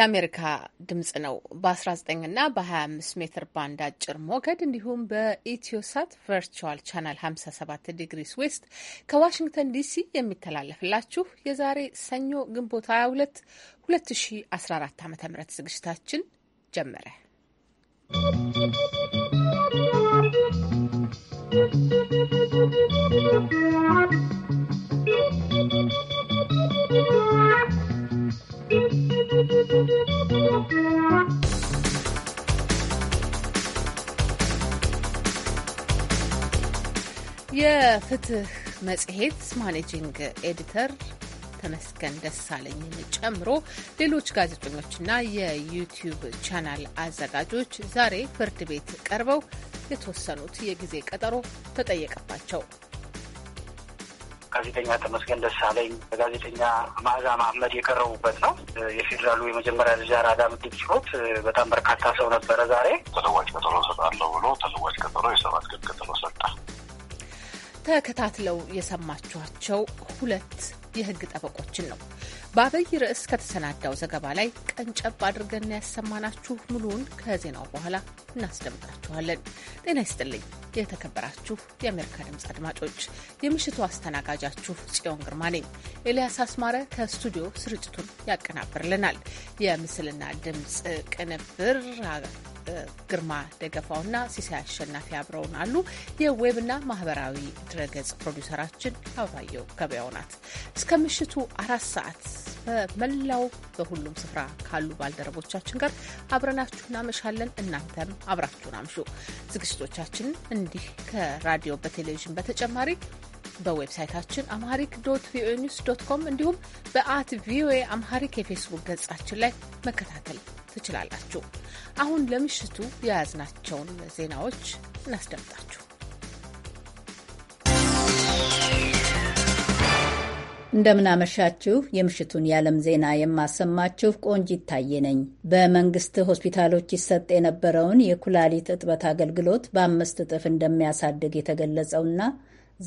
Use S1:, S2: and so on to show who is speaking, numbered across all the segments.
S1: የአሜሪካ ድምጽ ነው። በ19 እና በ25 ሜትር ባንድ አጭር ሞገድ እንዲሁም በኢትዮሳት ቨርቹዋል ቻናል 57 ዲግሪስ ዌስት ከዋሽንግተን ዲሲ የሚተላለፍላችሁ የዛሬ ሰኞ ግንቦት 22 2014 ዓ ም ዝግጅታችን ጀመረ።
S2: ¶¶ የፍትህ
S1: መጽሔት ማኔጂንግ ኤዲተር ተመስገን ደሳለኝን ጨምሮ ሌሎች ጋዜጠኞችና የዩቲዩብ ቻናል አዘጋጆች ዛሬ ፍርድ ቤት ቀርበው የተወሰኑት የጊዜ ቀጠሮ ተጠየቀባቸው።
S3: ጋዜጠኛ ተመስገን ደሳለኝ፣ ጋዜጠኛ መዓዛ መሐመድ የቀረቡበት ነው። የፌዴራሉ የመጀመሪያ ደረጃ አራዳ ምድብ ችሎት በጣም በርካታ ሰው ነበረ። ዛሬ ተለዋጭ ቀጠሮ እሰጣለሁ ብሎ ተለዋጭ ቀጠሮ የሰባት ቀን ቀጠሮ ሰጣ።
S1: ተከታትለው የሰማችኋቸው ሁለት የህግ ጠበቆችን ነው። በአብይ ርዕስ ከተሰናዳው ዘገባ ላይ ቀንጨብ አድርገን ያሰማናችሁ። ሙሉውን ከዜናው በኋላ እናስደምጣችኋለን። ጤና ይስጥልኝ የተከበራችሁ የአሜሪካ ድምፅ አድማጮች፣ የምሽቱ አስተናጋጃችሁ ጽዮን ግርማ ነኝ። ኤልያስ አስማረ ከስቱዲዮ ስርጭቱን ያቀናብርልናል። የምስልና ድምፅ ቅንብር ግርማ ደገፋውና ሲሳይ አሸናፊ አብረውን አሉ። የዌብና ማህበራዊ ድረገጽ ፕሮዲውሰራችን አበባየው ገበያው ናት። እስከ ምሽቱ አራት ሰዓት በመላው በሁሉም ስፍራ ካሉ ባልደረቦቻችን ጋር አብረናችሁ እናመሻለን። እናንተም አብራችሁን አምሹ። ዝግጅቶቻችን እንዲህ ከራዲዮ በቴሌቪዥን በተጨማሪ በዌብሳይታችን አምሃሪክ ዶት ቪኦኤ ኒውስ ዶት ኮም እንዲሁም በአት ቪኦኤ አምሃሪክ የፌስቡክ ገጻችን ላይ መከታተል ትችላላችሁ። አሁን ለምሽቱ የያዝናቸውን ዜናዎች እናስደምጣችሁ።
S4: እንደምናመሻችሁ የምሽቱን የዓለም ዜና የማሰማችሁ ቆንጅ ይታየ ነኝ። በመንግስት ሆስፒታሎች ይሰጥ የነበረውን የኩላሊት እጥበት አገልግሎት በአምስት እጥፍ እንደሚያሳድግ የተገለጸውና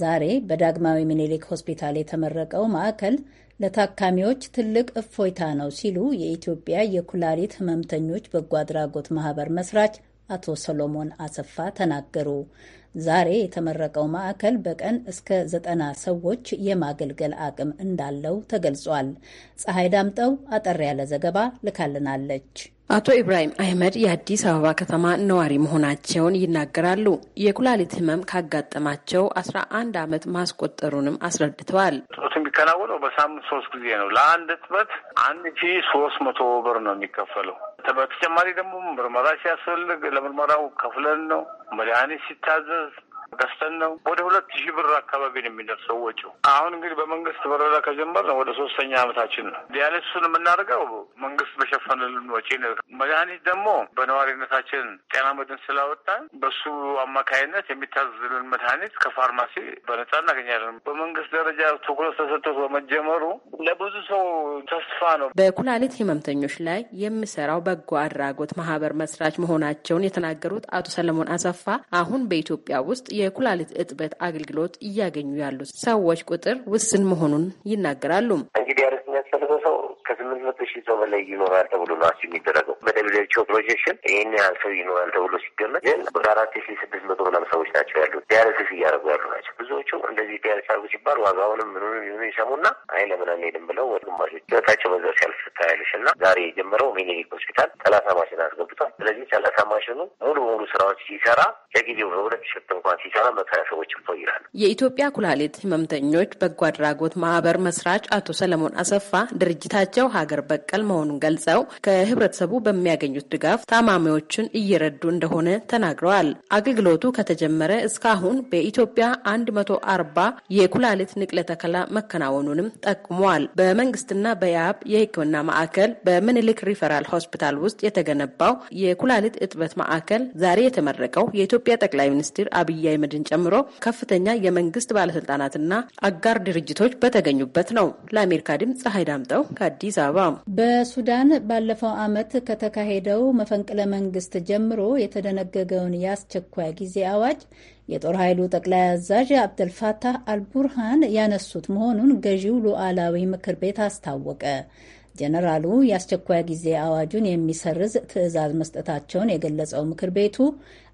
S4: ዛሬ በዳግማዊ ምኒልክ ሆስፒታል የተመረቀው ማዕከል ለታካሚዎች ትልቅ እፎይታ ነው ሲሉ የኢትዮጵያ የኩላሊት ህመምተኞች በጎ አድራጎት ማህበር መስራች አቶ ሰሎሞን አሰፋ ተናገሩ። ዛሬ የተመረቀው ማዕከል በቀን እስከ ዘጠና ሰዎች የማገልገል አቅም እንዳለው ተገልጿል። ፀሐይ ዳምጠው አጠር ያለ ዘገባ ልካልናለች።
S5: አቶ ኢብራሂም አህመድ የአዲስ አበባ ከተማ ነዋሪ መሆናቸውን ይናገራሉ። የኩላሊት ህመም ካጋጠማቸው አስራ አንድ አመት ማስቆጠሩንም አስረድተዋል።
S3: ጥሮት የሚከናወነው በሳምንት ሶስት ጊዜ ነው። ለአንድ እጥበት አንድ ሺ ሶስት መቶ ብር ነው የሚከፈለው። በተጨማሪ ደግሞ ምርመራ ሲያስፈልግ ለምርመራው ከፍለን ነው መድኃኒት ሲታዘዝ ገዝተን ነው ወደ ሁለት ሺህ ብር አካባቢ ነው የሚደርሰው ወጪው። አሁን እንግዲህ በመንግስት በረዳ ከጀመር ነው ወደ ሶስተኛ አመታችን ነው። ዲያሊሱን የምናደርገው መንግስት በሸፈንልን ወጪ ነው። መድኃኒት ደግሞ በነዋሪነታችን ጤና መድን ስላወጣን በሱ አማካይነት የሚታዝልን መድኃኒት ከፋርማሲ በነጻ እናገኛለን። በመንግስት ደረጃ ትኩረት ተሰጥቶት በመጀመሩ ለብዙ ሰው ተስፋ ነው።
S5: በኩላሊት ህመምተኞች ላይ የምሰራው በጎ አድራጎት ማህበር መስራች መሆናቸውን የተናገሩት አቶ ሰለሞን አሰፋ አሁን በኢትዮጵያ ውስጥ የኩላሊት እጥበት አገልግሎት እያገኙ ያሉት ሰዎች ቁጥር ውስን መሆኑን ይናገራሉ። እንግዲህ
S2: ከስምንት
S3: መቶ ሺህ ሰው በላይ ይኖራል ተብሎ ነው አስ የሚደረገው በደብሊውኤችኦ ፕሮጀክሽን ይህን ያህል ሰው ይኖራል ተብሎ ሲገመት ግን በአራት ሺህ ስድስት መቶ ምናምን ሰዎች ናቸው ያሉት ዲያሊሲስ እያደረጉ ያሉ ናቸው። ብዙዎቹ እንደዚህ ዲያሊሲስ አድርጉ ሲባል ዋጋውንም ምኑን ይሁኑ ይሰሙና አይ ለምን አንሄድም ብለው ወደ ግማሾች ህይወታቸው በዛው ሲያልፍ ታያለሽ እና ዛሬ የጀመረው ሚኒሊክ ሆስፒታል ሰላሳ ማሽን አስገብቷል። ስለዚህ ሰላሳ ማሽኑ ሙሉ በሙሉ ስራዎች ሲሰራ ለጊዜው በሁለት ሽፍት እንኳን ሲሰራ መቶ ሀያ ሰዎች ይላሉ።
S5: የኢትዮጵያ ኩላሊት ህመምተኞች በጎ አድራጎት ማህበር መስራች አቶ ሰለሞን አሰፋ ድርጅታቸው መሰረታቸው ሀገር በቀል መሆኑን ገልጸው ከህብረተሰቡ በሚያገኙት ድጋፍ ታማሚዎችን እየረዱ እንደሆነ ተናግረዋል። አገልግሎቱ ከተጀመረ እስካሁን በኢትዮጵያ 140 የኩላሊት ንቅለ ተከላ መከናወኑንም ጠቁመዋል። በመንግስትና በያብ የህክምና ማዕከል በምኒልክ ሪፈራል ሆስፒታል ውስጥ የተገነባው የኩላሊት እጥበት ማዕከል ዛሬ የተመረቀው የኢትዮጵያ ጠቅላይ ሚኒስትር አብይ አህመድን ጨምሮ ከፍተኛ የመንግስት ባለስልጣናትና አጋር ድርጅቶች በተገኙበት ነው። ለአሜሪካ ድምፅ ፀሐይ ዳምጠው ከአዲስ አዲስ አበባ።
S4: በሱዳን ባለፈው ዓመት ከተካሄደው መፈንቅለ መንግስት ጀምሮ የተደነገገውን የአስቸኳይ ጊዜ አዋጅ የጦር ኃይሉ ጠቅላይ አዛዥ አብደልፋታህ አልቡርሃን ያነሱት መሆኑን ገዢው ሉዓላዊ ምክር ቤት አስታወቀ። ጀነራሉ የአስቸኳይ ጊዜ አዋጁን የሚሰርዝ ትዕዛዝ መስጠታቸውን የገለጸው ምክር ቤቱ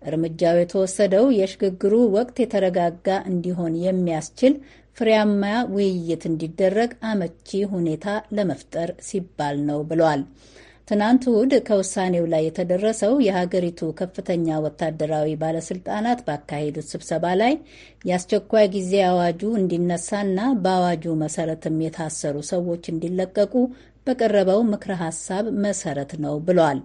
S4: እርምጃው የተወሰደው የሽግግሩ ወቅት የተረጋጋ እንዲሆን የሚያስችል ፍሬያማ ውይይት እንዲደረግ አመቺ ሁኔታ ለመፍጠር ሲባል ነው ብለዋል። ትናንት እሁድ ከውሳኔው ላይ የተደረሰው የሀገሪቱ ከፍተኛ ወታደራዊ ባለስልጣናት ባካሄዱት ስብሰባ ላይ የአስቸኳይ ጊዜ አዋጁ እንዲነሳና በአዋጁ መሰረትም የታሰሩ ሰዎች እንዲለቀቁ በቀረበው ምክረ ሀሳብ መሰረት ነው ብሏል።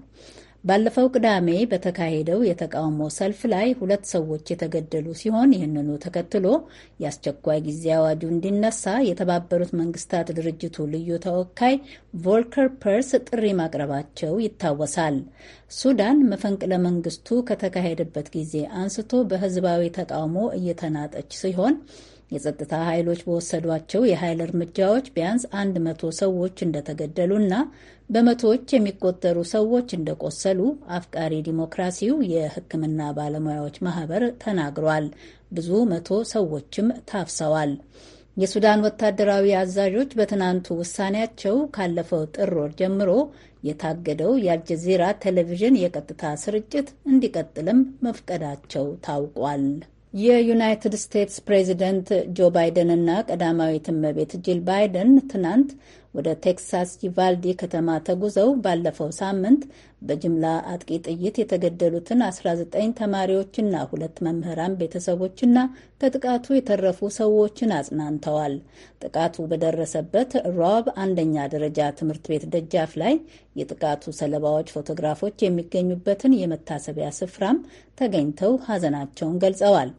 S4: ባለፈው ቅዳሜ በተካሄደው የተቃውሞ ሰልፍ ላይ ሁለት ሰዎች የተገደሉ ሲሆን ይህንኑ ተከትሎ የአስቸኳይ ጊዜ አዋጁ እንዲነሳ የተባበሩት መንግስታት ድርጅቱ ልዩ ተወካይ ቮልከር ፐርስ ጥሪ ማቅረባቸው ይታወሳል። ሱዳን መፈንቅለ መንግስቱ ከተካሄደበት ጊዜ አንስቶ በህዝባዊ ተቃውሞ እየተናጠች ሲሆን የጸጥታ ኃይሎች በወሰዷቸው የኃይል እርምጃዎች ቢያንስ አንድ መቶ ሰዎች እንደተገደሉና በመቶዎች የሚቆጠሩ ሰዎች እንደቆሰሉ አፍቃሪ ዲሞክራሲው የሕክምና ባለሙያዎች ማህበር ተናግሯል። ብዙ መቶ ሰዎችም ታፍሰዋል። የሱዳን ወታደራዊ አዛዦች በትናንቱ ውሳኔያቸው ካለፈው ጥር ወር ጀምሮ የታገደው የአልጀዚራ ቴሌቪዥን የቀጥታ ስርጭት እንዲቀጥልም መፍቀዳቸው ታውቋል። የዩናይትድ ስቴትስ ፕሬዚደንት ጆ ባይደንና ቀዳማዊት እመቤት ጂል ባይደን ትናንት ወደ ቴክሳስ ዩቫልዲ ከተማ ተጉዘው ባለፈው ሳምንት በጅምላ አጥቂ ጥይት የተገደሉትን 19 ተማሪዎችና ሁለት መምህራን ቤተሰቦችና ከጥቃቱ የተረፉ ሰዎችን አጽናንተዋል። ጥቃቱ በደረሰበት ሮብ አንደኛ ደረጃ ትምህርት ቤት ደጃፍ ላይ የጥቃቱ ሰለባዎች ፎቶግራፎች የሚገኙበትን የመታሰቢያ ስፍራም ተገኝተው ሀዘናቸውን ገልጸዋል።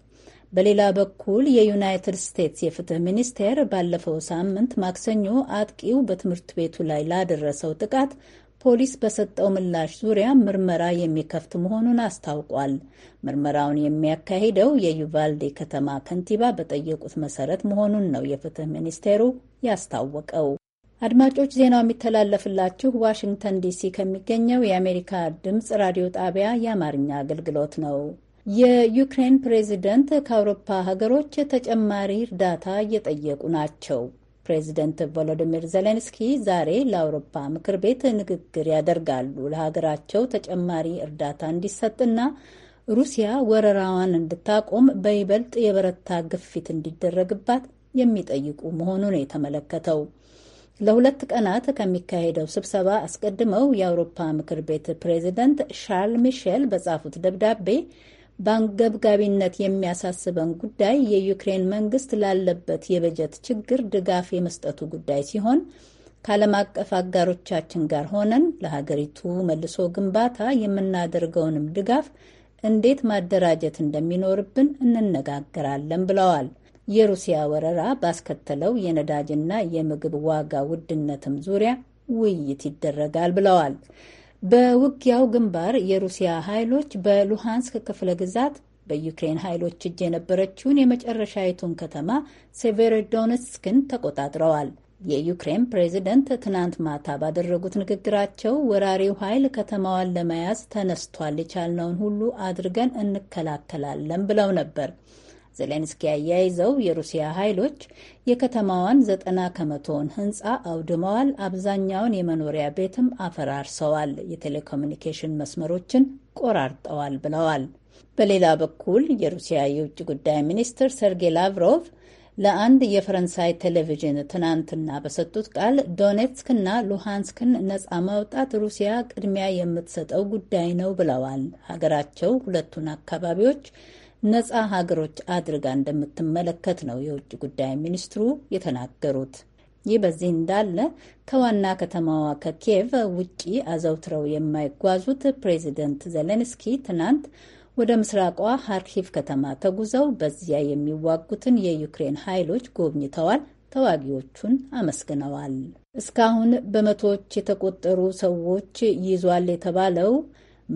S4: በሌላ በኩል የዩናይትድ ስቴትስ የፍትህ ሚኒስቴር ባለፈው ሳምንት ማክሰኞ አጥቂው በትምህርት ቤቱ ላይ ላደረሰው ጥቃት ፖሊስ በሰጠው ምላሽ ዙሪያ ምርመራ የሚከፍት መሆኑን አስታውቋል። ምርመራውን የሚያካሂደው የዩቫልዴ ከተማ ከንቲባ በጠየቁት መሰረት መሆኑን ነው የፍትህ ሚኒስቴሩ ያስታወቀው። አድማጮች፣ ዜናው የሚተላለፍላችሁ ዋሽንግተን ዲሲ ከሚገኘው የአሜሪካ ድምፅ ራዲዮ ጣቢያ የአማርኛ አገልግሎት ነው። የዩክሬን ፕሬዚደንት ከአውሮፓ ሀገሮች ተጨማሪ እርዳታ እየጠየቁ ናቸው። ፕሬዚደንት ቮሎዲሚር ዜሌንስኪ ዛሬ ለአውሮፓ ምክር ቤት ንግግር ያደርጋሉ። ለሀገራቸው ተጨማሪ እርዳታ እንዲሰጥና ሩሲያ ወረራዋን እንድታቆም በይበልጥ የበረታ ግፊት እንዲደረግባት የሚጠይቁ መሆኑን የተመለከተው ለሁለት ቀናት ከሚካሄደው ስብሰባ አስቀድመው የአውሮፓ ምክር ቤት ፕሬዚደንት ሻርል ሚሼል በጻፉት ደብዳቤ በአንገብጋቢነት የሚያሳስበን ጉዳይ የዩክሬን መንግስት ላለበት የበጀት ችግር ድጋፍ የመስጠቱ ጉዳይ ሲሆን ከዓለም አቀፍ አጋሮቻችን ጋር ሆነን ለሀገሪቱ መልሶ ግንባታ የምናደርገውንም ድጋፍ እንዴት ማደራጀት እንደሚኖርብን እንነጋገራለን ብለዋል። የሩሲያ ወረራ ባስከተለው የነዳጅና የምግብ ዋጋ ውድነትም ዙሪያ ውይይት ይደረጋል ብለዋል። በውጊያው ግንባር የሩሲያ ኃይሎች በሉሃንስክ ክፍለ ግዛት በዩክሬን ኃይሎች እጅ የነበረችውን የመጨረሻይቱን ከተማ ሴቬሮዶኔትስክን ተቆጣጥረዋል። የዩክሬን ፕሬዝደንት ትናንት ማታ ባደረጉት ንግግራቸው ወራሪው ኃይል ከተማዋን ለመያዝ ተነስቷል፣ የቻልነውን ሁሉ አድርገን እንከላከላለን ብለው ነበር። ዜሌንስኪ አያይዘው የሩሲያ ኃይሎች የከተማዋን ዘጠና ከመቶውን ህንፃ አውድመዋል፣ አብዛኛውን የመኖሪያ ቤትም አፈራርሰዋል፣ የቴሌኮሙኒኬሽን መስመሮችን ቆራርጠዋል ብለዋል። በሌላ በኩል የሩሲያ የውጭ ጉዳይ ሚኒስትር ሰርጌ ላቭሮቭ ለአንድ የፈረንሳይ ቴሌቪዥን ትናንትና በሰጡት ቃል ዶኔትስክና ሉሃንስክን ነጻ ማውጣት ሩሲያ ቅድሚያ የምትሰጠው ጉዳይ ነው ብለዋል። ሀገራቸው ሁለቱን አካባቢዎች ነጻ ሀገሮች አድርጋ እንደምትመለከት ነው የውጭ ጉዳይ ሚኒስትሩ የተናገሩት። ይህ በዚህ እንዳለ ከዋና ከተማዋ ከኪየቭ ውጪ አዘውትረው የማይጓዙት ፕሬዚደንት ዘሌንስኪ ትናንት ወደ ምስራቋ ሀርኪቭ ከተማ ተጉዘው በዚያ የሚዋጉትን የዩክሬን ኃይሎች ጎብኝተዋል። ተዋጊዎቹን አመስግነዋል። እስካሁን በመቶዎች የተቆጠሩ ሰዎች ይዟል የተባለው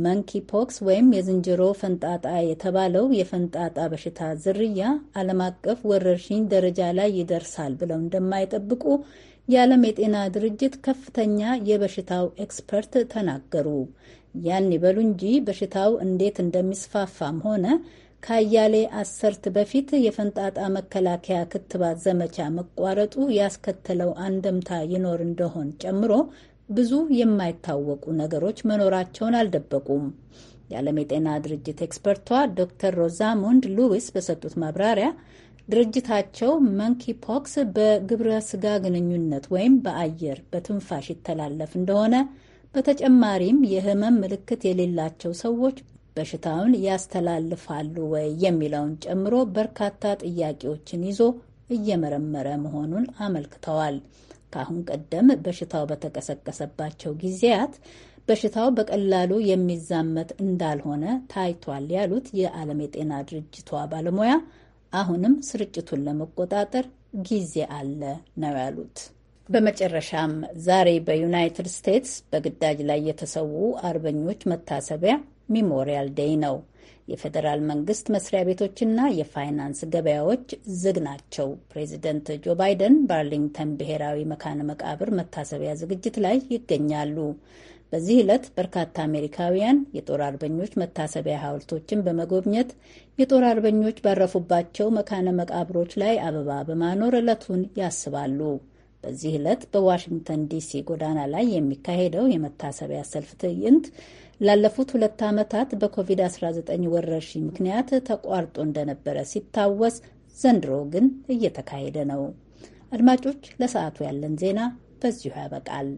S4: መንኪ ፖክስ ወይም የዝንጀሮ ፈንጣጣ የተባለው የፈንጣጣ በሽታ ዝርያ ዓለም አቀፍ ወረርሽኝ ደረጃ ላይ ይደርሳል ብለው እንደማይጠብቁ የዓለም የጤና ድርጅት ከፍተኛ የበሽታው ኤክስፐርት ተናገሩ። ያን ይበሉ እንጂ በሽታው እንዴት እንደሚስፋፋም ሆነ ከአያሌ አሰርት በፊት የፈንጣጣ መከላከያ ክትባት ዘመቻ መቋረጡ ያስከተለው አንደምታ ይኖር እንደሆን ጨምሮ ብዙ የማይታወቁ ነገሮች መኖራቸውን አልደበቁም። የዓለም የጤና ድርጅት ኤክስፐርቷ ዶክተር ሮዛሙንድ ሉዊስ በሰጡት ማብራሪያ ድርጅታቸው መንኪ ፖክስ በግብረ ስጋ ግንኙነት ወይም በአየር በትንፋሽ ይተላለፍ እንደሆነ በተጨማሪም የህመም ምልክት የሌላቸው ሰዎች በሽታውን ያስተላልፋሉ ወይ የሚለውን ጨምሮ በርካታ ጥያቄዎችን ይዞ እየመረመረ መሆኑን አመልክተዋል። ከአሁን ቀደም በሽታው በተቀሰቀሰባቸው ጊዜያት በሽታው በቀላሉ የሚዛመት እንዳልሆነ ታይቷል ያሉት የዓለም የጤና ድርጅቷ ባለሙያ አሁንም ስርጭቱን ለመቆጣጠር ጊዜ አለ ነው ያሉት። በመጨረሻም ዛሬ በዩናይትድ ስቴትስ በግዳጅ ላይ የተሰዉ አርበኞች መታሰቢያ ሚሞሪያል ዴይ ነው። የፌዴራል መንግስት መስሪያ ቤቶችና የፋይናንስ ገበያዎች ዝግ ናቸው። ፕሬዚደንት ጆ ባይደን በአርሊንግተን ብሔራዊ መካነ መቃብር መታሰቢያ ዝግጅት ላይ ይገኛሉ። በዚህ ዕለት በርካታ አሜሪካውያን የጦር አርበኞች መታሰቢያ ሐውልቶችን በመጎብኘት የጦር አርበኞች ባረፉባቸው መካነ መቃብሮች ላይ አበባ በማኖር ዕለቱን ያስባሉ። በዚህ ዕለት በዋሽንግተን ዲሲ ጎዳና ላይ የሚካሄደው የመታሰቢያ ሰልፍ ትዕይንት ላለፉት ሁለት ዓመታት በኮቪድ-19 ወረርሽኝ ምክንያት ተቋርጦ እንደነበረ ሲታወስ፣ ዘንድሮ ግን እየተካሄደ ነው። አድማጮች፣ ለሰዓቱ ያለን ዜና በዚሁ ያበቃል።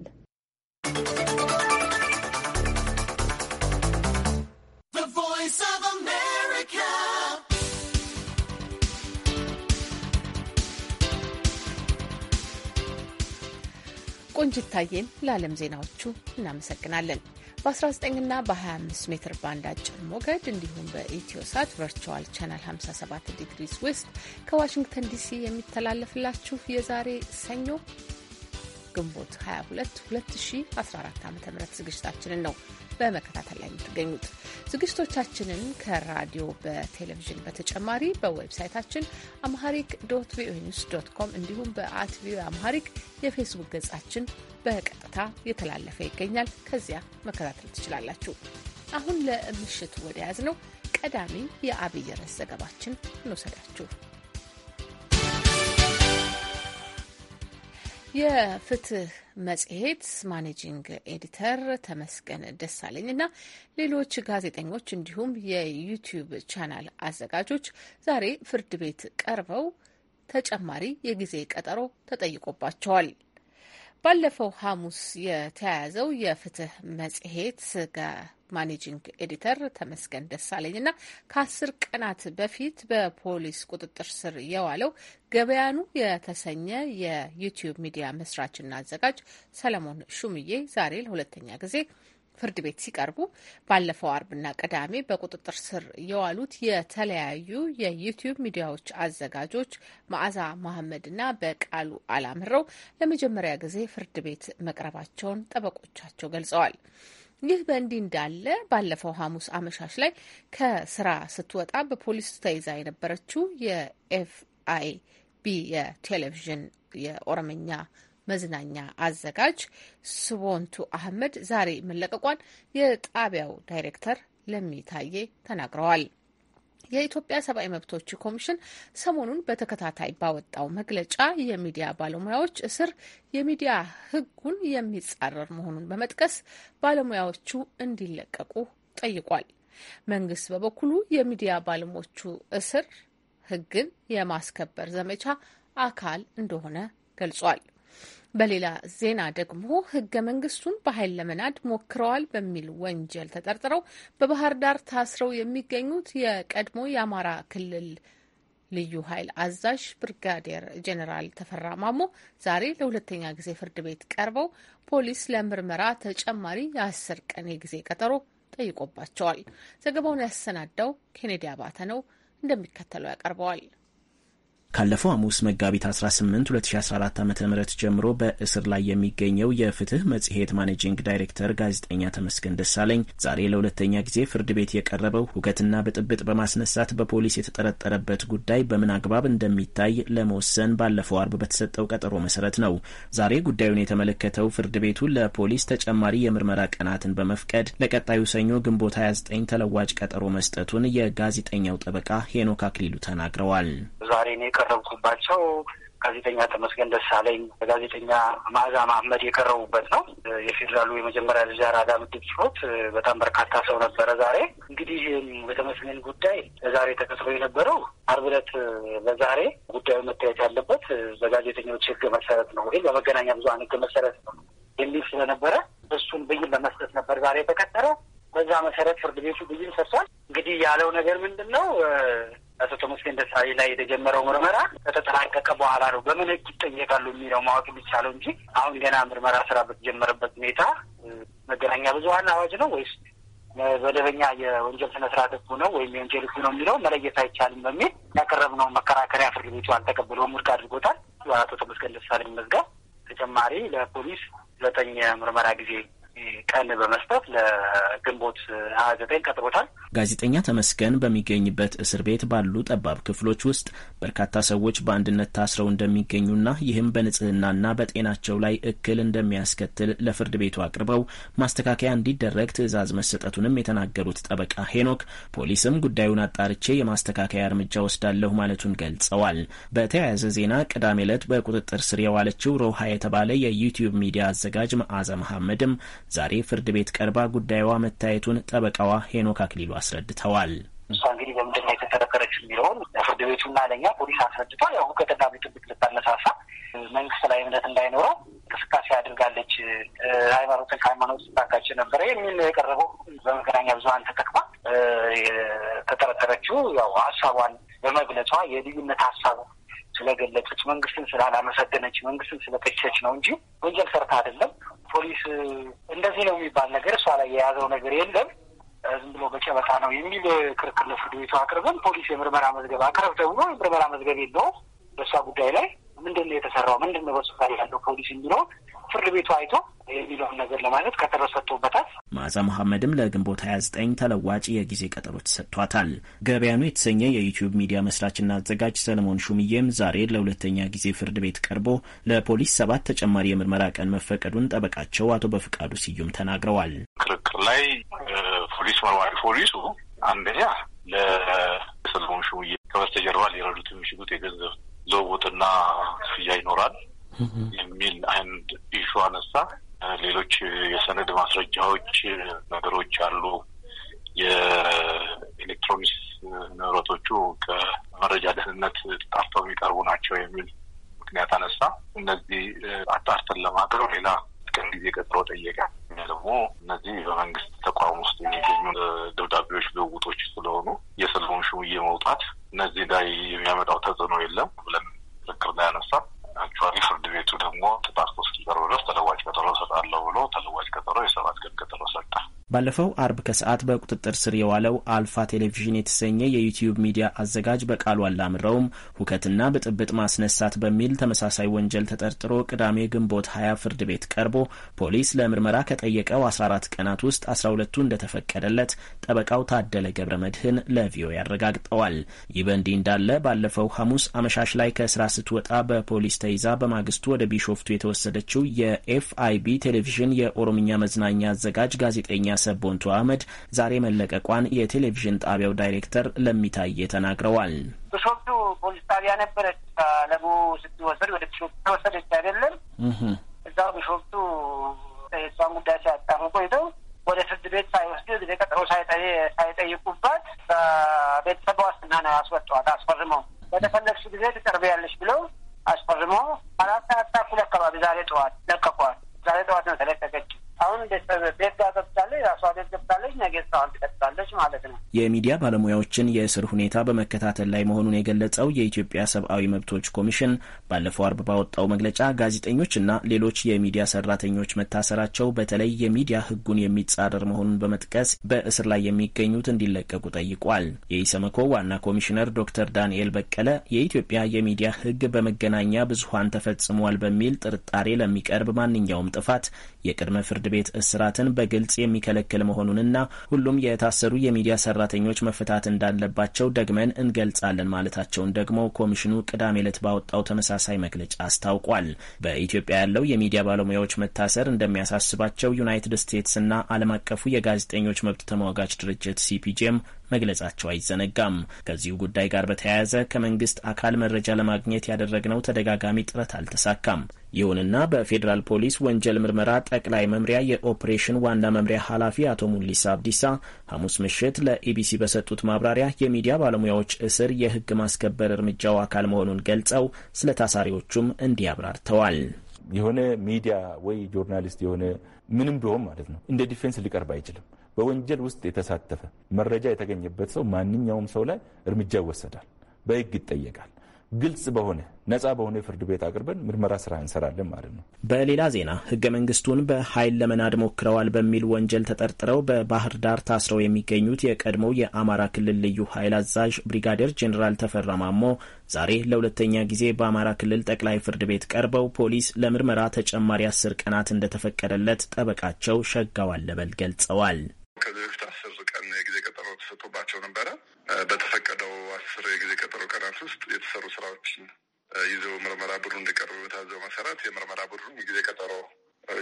S1: ቆንጅታዬን ለዓለም ዜናዎቹ እናመሰግናለን። በ19ና በ25 ሜትር ባንድ አጭር ሞገድ እንዲሁም በኢትዮ ሳት ቨርቹዋል ቻናል 57 ዲግሪስ ዌስት ከዋሽንግተን ዲሲ የሚተላለፍላችሁ የዛሬ ሰኞ ግንቦት 22 2014 ዓ ም ዝግጅታችንን ነው በመከታተል ላይ የምትገኙት። ዝግጅቶቻችንን ከራዲዮ በቴሌቪዥን በተጨማሪ በዌብሳይታችን አምሃሪክ ዶት ቪኦኤ ኒውስ ዶት ኮም እንዲሁም በአት ቪኦኤ አምሃሪክ የፌስቡክ ገጻችን በቀጥታ የተላለፈ ይገኛል። ከዚያ መከታተል ትችላላችሁ። አሁን ለምሽቱ ወደ ያዝ ነው ቀዳሚ የአብይ ርዕስ ዘገባችን እንወሰዳችሁ። የፍትህ መጽሔት ማኔጂንግ ኤዲተር ተመስገን ደሳለኝ እና ሌሎች ጋዜጠኞች እንዲሁም የዩቲዩብ ቻናል አዘጋጆች ዛሬ ፍርድ ቤት ቀርበው ተጨማሪ የጊዜ ቀጠሮ ተጠይቆባቸዋል። ባለፈው ሐሙስ የተያያዘው የፍትህ መጽሔት ማኔጂንግ ኤዲተር ተመስገን ደሳለኝና ከአስር ቀናት በፊት በፖሊስ ቁጥጥር ስር የዋለው ገበያኑ የተሰኘ የዩቲዩብ ሚዲያ መስራችና አዘጋጅ ሰለሞን ሹምዬ ዛሬ ለሁለተኛ ጊዜ ፍርድ ቤት ሲቀርቡ ባለፈው አርብና ቅዳሜ በቁጥጥር ስር የዋሉት የተለያዩ የዩቲዩብ ሚዲያዎች አዘጋጆች መዓዛ መሐመድና በቃሉ አላምረው ለመጀመሪያ ጊዜ ፍርድ ቤት መቅረባቸውን ጠበቆቻቸው ገልጸዋል። ይህ በእንዲህ እንዳለ ባለፈው ሐሙስ አመሻሽ ላይ ከስራ ስትወጣ በፖሊስ ተይዛ የነበረችው የኤፍአይ ቢ የቴሌቪዥን የኦሮምኛ መዝናኛ አዘጋጅ ስቦንቱ አህመድ ዛሬ መለቀቋን የጣቢያው ዳይሬክተር ለሚታዬ ተናግረዋል። የኢትዮጵያ ሰብአዊ መብቶች ኮሚሽን ሰሞኑን በተከታታይ ባወጣው መግለጫ የሚዲያ ባለሙያዎች እስር የሚዲያ ሕጉን የሚጻረር መሆኑን በመጥቀስ ባለሙያዎቹ እንዲለቀቁ ጠይቋል። መንግስት በበኩሉ የሚዲያ ባለሙያዎቹ እስር ሕግን የማስከበር ዘመቻ አካል እንደሆነ ገልጿል። በሌላ ዜና ደግሞ ህገ መንግስቱን በኃይል ለመናድ ሞክረዋል በሚል ወንጀል ተጠርጥረው በባህር ዳር ታስረው የሚገኙት የቀድሞ የአማራ ክልል ልዩ ኃይል አዛዥ ብርጋዴር ጀኔራል ተፈራ ማሞ ዛሬ ለሁለተኛ ጊዜ ፍርድ ቤት ቀርበው ፖሊስ ለምርመራ ተጨማሪ የአስር ቀን የጊዜ ቀጠሮ ጠይቆባቸዋል። ዘገባውን ያሰናዳው ኬኔዲ አባተ ነው፣ እንደሚከተለው ያቀርበዋል።
S2: ካለፈው ሐሙስ መጋቢት 18 2014 ዓ ም ጀምሮ በእስር ላይ የሚገኘው የፍትህ መጽሔት ማኔጂንግ ዳይሬክተር ጋዜጠኛ ተመስገን ደሳለኝ ዛሬ ለሁለተኛ ጊዜ ፍርድ ቤት የቀረበው ሁከትና ብጥብጥ በማስነሳት በፖሊስ የተጠረጠረበት ጉዳይ በምን አግባብ እንደሚታይ ለመወሰን ባለፈው አርብ በተሰጠው ቀጠሮ መሰረት ነው። ዛሬ ጉዳዩን የተመለከተው ፍርድ ቤቱ ለፖሊስ ተጨማሪ የምርመራ ቀናትን በመፍቀድ ለቀጣዩ ሰኞ ግንቦት 29 ተለዋጭ ቀጠሮ መስጠቱን የጋዜጠኛው ጠበቃ ሄኖክ አክሊሉ ተናግረዋል።
S3: የቀረብኩባቸው ጋዜጠኛ ተመስገን ደሳለኝ፣ ጋዜጠኛ መዓዛ መሀመድ የቀረቡበት ነው። የፌዴራሉ የመጀመሪያ ደረጃ አራዳ ምድብ ችሎት በጣም በርካታ ሰው ነበረ። ዛሬ እንግዲህ በተመስገን ጉዳይ ለዛሬ ተቀጥሮ የነበረው አርብ ዕለት በዛሬ ጉዳዩ መታየት ያለበት በጋዜጠኞች ህግ መሰረት ነው ወይም በመገናኛ ብዙን ህግ መሰረት ነው የሚል ስለነበረ እሱን ብይን ለመስጠት ነበር ዛሬ የተቀጠረ። በዛ መሰረት ፍርድ ቤቱ ብይን ሰጥቷል። እንግዲህ ያለው ነገር ምንድን ነው? አቶ ተመስገን ደሳሌ ላይ የተጀመረው ምርመራ ከተጠናቀቀ በኋላ ነው በምን ህግ ይጠየቃሉ የሚለው ማወቅ የሚቻለው እንጂ አሁን ገና ምርመራ ስራ በተጀመረበት ሁኔታ መገናኛ ብዙኃን አዋጅ ነው ወይስ መደበኛ የወንጀል ስነ ስርዓት ህጉ ነው ወይም የወንጀል ህጉ ነው የሚለው መለየት አይቻልም በሚል ያቀረብነው መከራከሪያ ፍርድ ቤቱ አልተቀብሎም ውድቅ አድርጎታል። አቶ ተመስገን ደሳሌ መዝገብ ተጨማሪ ለፖሊስ ዘጠኝ የምርመራ ጊዜ ቀን በመስጠት ለግንቦት ሀያ ዘጠኝ ቀጥሮታል።
S2: ጋዜጠኛ ተመስገን በሚገኝበት እስር ቤት ባሉ ጠባብ ክፍሎች ውስጥ በርካታ ሰዎች በአንድነት ታስረው እንደሚገኙና ይህም በንጽህናና በጤናቸው ላይ እክል እንደሚያስከትል ለፍርድ ቤቱ አቅርበው ማስተካከያ እንዲደረግ ትዕዛዝ መሰጠቱንም የተናገሩት ጠበቃ ሄኖክ ፖሊስም ጉዳዩን አጣርቼ የማስተካከያ እርምጃ ወስዳለሁ ማለቱን ገልጸዋል። በተያያዘ ዜና ቅዳሜ ዕለት በቁጥጥር ስር የዋለችው ሮሃ የተባለ የዩቲዩብ ሚዲያ አዘጋጅ መዓዛ መሐመድም ዛሬ ፍርድ ቤት ቀርባ ጉዳዩዋ መታየቱን ጠበቃዋ ሄኖክ አክሊሉ አስረድተዋል።
S3: እሷ እንግዲህ በምንድን ነው የተከረከረችው የሚለውን ፍርድ ቤቱና ለኛ ፖሊስ አስረድቷል። ያው ሁከትና ብጥብጥ ልታነሳሳ መንግስት ላይ እምነት እንዳይኖረው እንቅስቃሴ አድርጋለች፣ ሃይማኖትን ከሃይማኖት ስታካች ነበረ የሚል ነው የቀረበው። በመገናኛ ብዙኃን ተጠቅማ የተጠረጠረችው ያው ሀሳቧን በመግለጿ የልዩነት ሀሳቡ ስለገለጸች መንግስትን ስላላመሰገነች መንግስትን ስለተቸች ነው እንጂ ወንጀል ሰርታ አይደለም። ፖሊስ እንደዚህ ነው የሚባል ነገር እሷ ላይ የያዘው ነገር የለም ዝም ብሎ በጨበጣ ነው የሚል ክርክር ለፍርድ ቤቱ ፖሊስ የምርመራ መዝገብ አቅርብ ተብሎ የምርመራ መዝገብ የለውም በእሷ ጉዳይ ላይ ምንድን ነው የተሰራው ምንድን ነው በእሷ ላይ ያለው ፖሊስ የሚለው ፍርድ ቤቱ አይቶ የሚለውን ነገር ለማለት ቀጠሮ
S2: ሰጥቶበታል። መሐመድም ለግንቦት 29 ተለዋጭ የጊዜ ቀጠሮ ተሰጥቷታል። ገበያኑ የተሰኘ የዩቲዩብ ሚዲያ መስራችና አዘጋጅ ሰለሞን ሹምዬም ዛሬ ለሁለተኛ ጊዜ ፍርድ ቤት ቀርቦ ለፖሊስ ሰባት ተጨማሪ የምርመራ ቀን መፈቀዱን ጠበቃቸው አቶ በፍቃዱ ስዩም ተናግረዋል።
S6: ክርክር ላይ ፖሊስ መርማሪ ፖሊሱ አንደኛ
S7: ለሰለሞን ሹምዬ ከበስተጀርባ ሊረዱት የሚችሉት የገንዘብ ዘውቦትና
S6: ክፍያ ይኖራል የሚል አንድ ኢሹ አነሳ። ሌሎች የሰነድ ማስረጃዎች ነገሮች አሉ።
S8: የኤሌክትሮኒክስ
S6: ንብረቶቹ ከመረጃ ደህንነት ተጣርተው የሚቀርቡ ናቸው የሚል ምክንያት አነሳ። እነዚህ አጣርተን ለማቅረብ ሌላ ቀን ጊዜ ቀጥሮ ጠየቀ።
S7: ደግሞ እነዚህ በመንግስት ተቋም ውስጥ የሚገኙ ደብዳቤዎች ልውውጦች ስለሆኑ የሰለሞን ሹምዬ መውጣት እነዚህ ላይ የሚያመጣው ተጽዕኖ የለም ብለን ክርክር ላይ አነሳ። አክቹዋሊ ፍርድ ቤቱ ደግሞ ጥቃት እስኪቀርብ ድረስ ተለዋጭ ቀጠሮ እሰጣለሁ ብሎ ተለዋጭ
S9: ቀጠሮ የሰባት ቀን
S2: ቀጠሮ ሰጠ። ባለፈው አርብ ከሰዓት በቁጥጥር ስር የዋለው አልፋ ቴሌቪዥን የተሰኘ የዩትዩብ ሚዲያ አዘጋጅ በቃሉ አላምረውም ሁከትና ብጥብጥ ማስነሳት በሚል ተመሳሳይ ወንጀል ተጠርጥሮ ቅዳሜ ግንቦት 20 ፍርድ ቤት ቀርቦ ፖሊስ ለምርመራ ከጠየቀው 14 ቀናት ውስጥ 12ቱ እንደተፈቀደለት ጠበቃው ታደለ ገብረ መድህን ለቪኦኤ አረጋግጠዋል። ይህ በእንዲህ እንዳለ ባለፈው ሐሙስ አመሻሽ ላይ ከስራ ስትወጣ በፖሊስ ተይዛ በማግስቱ ወደ ቢሾፍቱ የተወሰደችው የኤፍአይቢ ቴሌቪዥን የኦሮምኛ መዝናኛ አዘጋጅ ጋዜጠኛ ሰብ ቦንቱ አህመድ ዛሬ መለቀቋን የቴሌቪዥን ጣቢያው ዳይሬክተር ለሚታየ ተናግረዋል።
S3: ብሾፍቱ ፖሊስ ጣቢያ ነበረች። ከለቡ ስትወሰድ ወደ ብሾፍቱ ተወሰደች አይደለም። እዛው ብሾፍቱ የእሷን ጉዳይ ሲያጣሩ ቆይተው ወደ ፍርድ ቤት ሳይወስዱ ጊዜ ቀጠሮ ሳይጠይቁባት በቤተሰብ ዋስትና ነው ያስወጧት። አስፈርመው በተፈለግሽ ጊዜ ትቀርቢያለሽ ብለው አስፈርመው አራት ሰዓት ተኩል አካባቢ ዛሬ ጠዋት ለቀቋል። ዛሬ ጠዋት ነው ተለቀቀች። አሁን ቤት ገብታለች፣ ራሷ ቤት ገብታለች፣ ነገ ስራዋን ትቀጥላለች ማለት ነው።
S2: የሚዲያ ባለሙያዎችን የእስር ሁኔታ በመከታተል ላይ መሆኑን የገለጸው የኢትዮጵያ ሰብአዊ መብቶች ኮሚሽን ባለፈው አርብ ባወጣው መግለጫ ጋዜጠኞችና ሌሎች የሚዲያ ሰራተኞች መታሰራቸው በተለይ የሚዲያ ሕጉን የሚጻረር መሆኑን በመጥቀስ በእስር ላይ የሚገኙት እንዲለቀቁ ጠይቋል። የኢሰመኮ ዋና ኮሚሽነር ዶክተር ዳንኤል በቀለ የኢትዮጵያ የሚዲያ ሕግ በመገናኛ ብዙሀን ተፈጽሟል በሚል ጥርጣሬ ለሚቀርብ ማንኛውም ጥፋት የቅድመ ፍርድ ቤት እስራትን በግልጽ የሚከለክል መሆኑንና ሁሉም የታሰሩ የሚዲያ ሰራተኞች መፈታት እንዳለባቸው ደግመን እንገልጻለን ማለታቸውን ደግሞ ኮሚሽኑ ቅዳሜ ዕለት ባወጣው ተመሳሳይ መግለጫ አስታውቋል። በኢትዮጵያ ያለው የሚዲያ ባለሙያዎች መታሰር እንደሚያሳስባቸው ዩናይትድ ስቴትስና ዓለም አቀፉ የጋዜጠኞች መብት ተሟጋች ድርጅት ሲፒጄም መግለጻቸው አይዘነጋም። ከዚሁ ጉዳይ ጋር በተያያዘ ከመንግስት አካል መረጃ ለማግኘት ያደረግነው ተደጋጋሚ ጥረት አልተሳካም። ይሁንና በፌዴራል ፖሊስ ወንጀል ምርመራ ጠቅላይ መምሪያ የኦፕሬሽን ዋና መምሪያ ኃላፊ አቶ ሙሊሳ አብዲሳ ሐሙስ ምሽት ለኢቢሲ በሰጡት ማብራሪያ የሚዲያ ባለሙያዎች እስር የህግ ማስከበር እርምጃው አካል መሆኑን ገልጸው ስለ ታሳሪዎቹም እንዲህ አብራርተዋል። የሆነ ሚዲያ ወይ ጆርናሊስት የሆነ ምንም ቢሆን
S9: ማለት ነው እንደ ዲፌንስ ሊቀርብ አይችልም። በወንጀል ውስጥ የተሳተፈ መረጃ የተገኘበት ሰው ማንኛውም ሰው ላይ እርምጃ ይወሰዳል፣ በህግ ይጠየቃል። ግልጽ በሆነ ነጻ በሆነ ፍርድ ቤት አቅርበን ምርመራ ስራ እንሰራለን ማለት ነው።
S2: በሌላ ዜና ህገ መንግስቱን በኃይል ለመናድ ሞክረዋል በሚል ወንጀል ተጠርጥረው በባህር ዳር ታስረው የሚገኙት የቀድሞው የአማራ ክልል ልዩ ኃይል አዛዥ ብሪጋዴር ጄኔራል ተፈራ ማሞ ዛሬ ለሁለተኛ ጊዜ በአማራ ክልል ጠቅላይ ፍርድ ቤት ቀርበው ፖሊስ ለምርመራ ተጨማሪ አስር ቀናት እንደተፈቀደለት ጠበቃቸው ሸጋው አለበል ገልጸዋል። ከዚህ አስር ቀን የጊዜ ቀጠሮ ተሰጥቶባቸው ነበረ። በተፈቀደው አስር የጊዜ ቀጠሮ ቀናት ውስጥ የተሰሩ ስራዎችን ይዘው ምርመራ ቡድኑ እንዲቀርብ በታዘው መሰረት የምርመራ ቡድኑ ጊዜ ቀጠሮ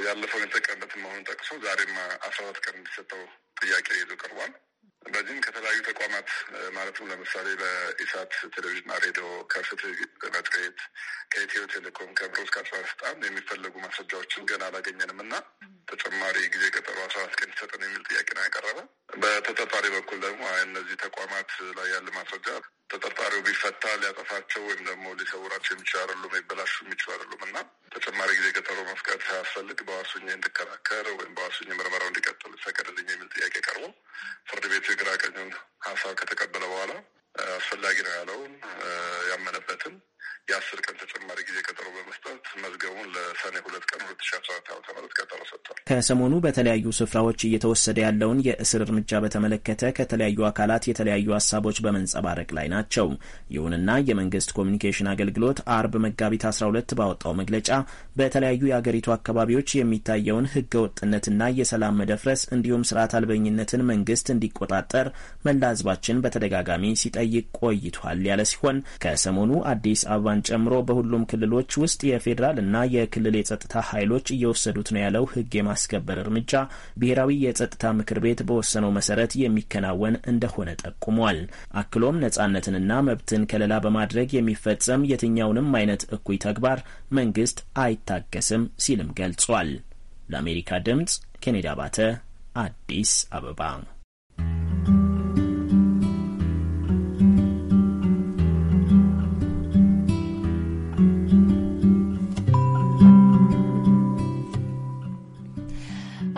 S2: ያለፈውን የተጠቀምበትን መሆኑን ጠቅሶ ዛሬም አስራ አራት ቀን እንዲሰጠው ጥያቄ ይዞ ቀርቧል። በዚህም ከተለያዩ ተቋማት ማለትም ለምሳሌ በኢሳት ቴሌቪዥንና ሬዲዮ፣ ከፍትህ መትሬት፣ ከኢትዮ ቴሌኮም፣ ከብሮድካስት ባለስልጣን የሚፈለጉ ማስረጃዎችን ገና አላገኘንም እና ተጨማሪ ጊዜ ቀጠሮ አስራ አራት ቀን ይሰጠን የሚል ጥያቄ ነው ያቀረበ። በተጠርጣሪ በኩል ደግሞ እነዚህ ተቋማት ላይ ያለ ማስረጃ ተጠርጣሪው ቢፈታ ሊያጠፋቸው ወይም ደግሞ ሊሰውራቸው የሚችል አይደሉም፣ ሊበላሹ የሚችሉ አይደሉም እና ተጨማሪ ጊዜ ቀጠሮ መፍቀድ ሳያስፈልግ በዋስ እንድከራከር ወይም በዋስ ሆኜ ምርመራው እንዲቀጥል ይፈቀድልኝ የሚል ጥያቄ ቀርቦ ፍርድ ቤቱ የግራ ቀኙን ሀሳብ ከተቀበለ በኋላ አስፈላጊ ነው ያለውን ያመነበትን የአስር ቀን ተጨማሪ ጊዜ ቀጠሮ በመስጠት መዝገቡን ለሰኔ ሁለት ቀን ሁለት ሺ አስራ አራት ዓመተ ምህረት ቀጠሮ ሰጥቷል። ከሰሞኑ በተለያዩ ስፍራዎች እየተወሰደ ያለውን የእስር እርምጃ በተመለከተ ከተለያዩ አካላት የተለያዩ ሀሳቦች በመንጸባረቅ ላይ ናቸው። ይሁንና የመንግስት ኮሚኒኬሽን አገልግሎት አርብ መጋቢት አስራ ሁለት ባወጣው መግለጫ በተለያዩ የአገሪቱ አካባቢዎች የሚታየውን ህገ ወጥነትና የሰላም መደፍረስ እንዲሁም ስርዓት አልበኝነትን መንግስት እንዲቆጣጠር መላ ህዝባችን በተደጋጋሚ ሲጠይቅ ቆይቷል ያለ ሲሆን ከሰሞኑ አዲስ አበባን ጨምሮ በሁሉም ክልሎች ውስጥ የፌዴራል እና የክልል የጸጥታ ኃይሎች እየወሰዱት ነው ያለው ሕግ የማስከበር እርምጃ ብሔራዊ የጸጥታ ምክር ቤት በወሰነው መሰረት የሚከናወን እንደሆነ ጠቁሟል። አክሎም ነጻነትንና መብትን ከለላ በማድረግ የሚፈጸም የትኛውንም አይነት እኩይ ተግባር መንግስት አይታገስም ሲልም ገልጿል። ለአሜሪካ ድምጽ ኬኔዲ አባተ አዲስ አበባ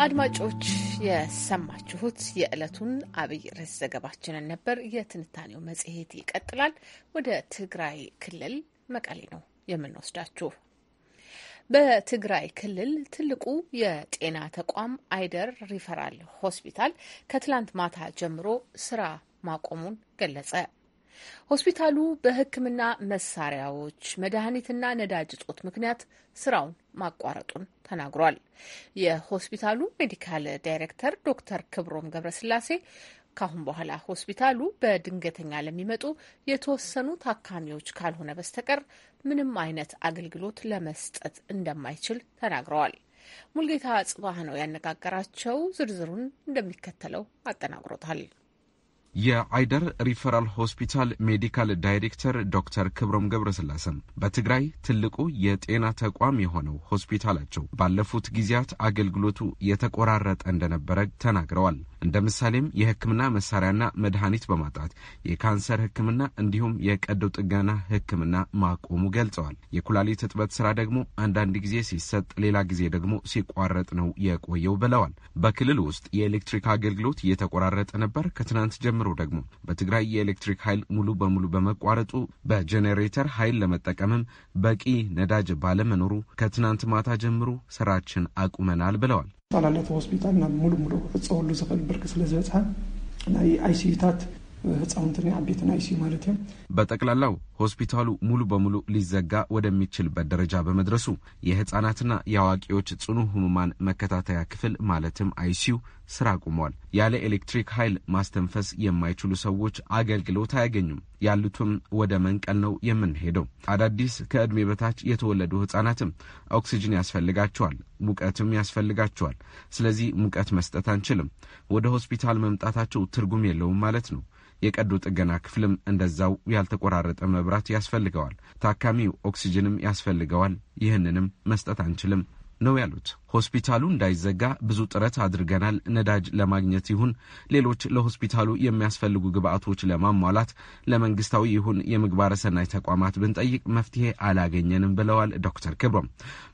S1: አድማጮች የሰማችሁት የዕለቱን አብይ ርዕስ ዘገባችንን ነበር። የትንታኔው መጽሔት ይቀጥላል። ወደ ትግራይ ክልል መቀሌ ነው የምንወስዳችሁ። በትግራይ ክልል ትልቁ የጤና ተቋም አይደር ሪፈራል ሆስፒታል ከትላንት ማታ ጀምሮ ስራ ማቆሙን ገለጸ። ሆስፒታሉ በሕክምና መሳሪያዎች፣ መድኃኒትና ነዳጅ እጦት ምክንያት ስራውን ማቋረጡን ተናግሯል። የሆስፒታሉ ሜዲካል ዳይሬክተር ዶክተር ክብሮም ገብረስላሴ ካሁን በኋላ ሆስፒታሉ በድንገተኛ ለሚመጡ የተወሰኑ ታካሚዎች ካልሆነ በስተቀር ምንም አይነት አገልግሎት ለመስጠት እንደማይችል ተናግረዋል። ሙልጌታ ጽባህ ነው ያነጋገራቸው። ዝርዝሩን እንደሚከተለው አጠናቅሮታል።
S9: የአይደር ሪፈራል ሆስፒታል ሜዲካል ዳይሬክተር ዶክተር ክብሮም ገብረስላሰም በትግራይ ትልቁ የጤና ተቋም የሆነው ሆስፒታላቸው ባለፉት ጊዜያት አገልግሎቱ የተቆራረጠ እንደነበረ ተናግረዋል። እንደ ምሳሌም የህክምና መሳሪያና መድኃኒት በማጣት የካንሰር ህክምና እንዲሁም የቀዶ ጥገና ህክምና ማቆሙ ገልጸዋል። የኩላሊት እጥበት ስራ ደግሞ አንዳንድ ጊዜ ሲሰጥ፣ ሌላ ጊዜ ደግሞ ሲቋረጥ ነው የቆየው ብለዋል። በክልል ውስጥ የኤሌክትሪክ አገልግሎት እየተቆራረጠ ነበር። ከትናንት ጀምሮ ደግሞ በትግራይ የኤሌክትሪክ ኃይል ሙሉ በሙሉ በመቋረጡ በጄኔሬተር ኃይል ለመጠቀምም በቂ ነዳጅ ባለመኖሩ ከትናንት ማታ ጀምሮ ስራችን አቁመናል ብለዋል።
S6: ጣላላት ሆስፒታል ናብ ሙሉእ ሙሉእ ክፀወሉ ዝኽእል ብርኪ ስለ ዝበፅሐ ናይ ኣይሲዩታት ህፃውንትና አቤትን አይሲዩ ማለት ነው።
S9: በጠቅላላው ሆስፒታሉ ሙሉ በሙሉ ሊዘጋ ወደሚችልበት ደረጃ በመድረሱ የህፃናትና የአዋቂዎች ጽኑ ህሙማን መከታተያ ክፍል ማለትም አይሲዩ ስራ አቁሟል። ያለ ኤሌክትሪክ ኃይል ማስተንፈስ የማይችሉ ሰዎች አገልግሎት አያገኙም። ያሉትም ወደ መንቀል ነው የምንሄደው። አዳዲስ ከዕድሜ በታች የተወለዱ ህጻናትም ኦክሲጅን ያስፈልጋቸዋል፣ ሙቀትም ያስፈልጋቸዋል። ስለዚህ ሙቀት መስጠት አንችልም። ወደ ሆስፒታል መምጣታቸው ትርጉም የለውም ማለት ነው። የቀዶ ጥገና ክፍልም እንደዛው ያልተቆራረጠ መብራት ያስፈልገዋል። ታካሚው ኦክሲጅንም ያስፈልገዋል። ይህንንም መስጠት አንችልም። ነው ያሉት። ሆስፒታሉ እንዳይዘጋ ብዙ ጥረት አድርገናል። ነዳጅ ለማግኘት ይሁን ሌሎች ለሆስፒታሉ የሚያስፈልጉ ግብአቶች ለማሟላት ለመንግስታዊ ይሁን የምግባረ ሰናይ ተቋማት ብንጠይቅ መፍትሄ አላገኘንም ብለዋል ዶክተር ክብሮም።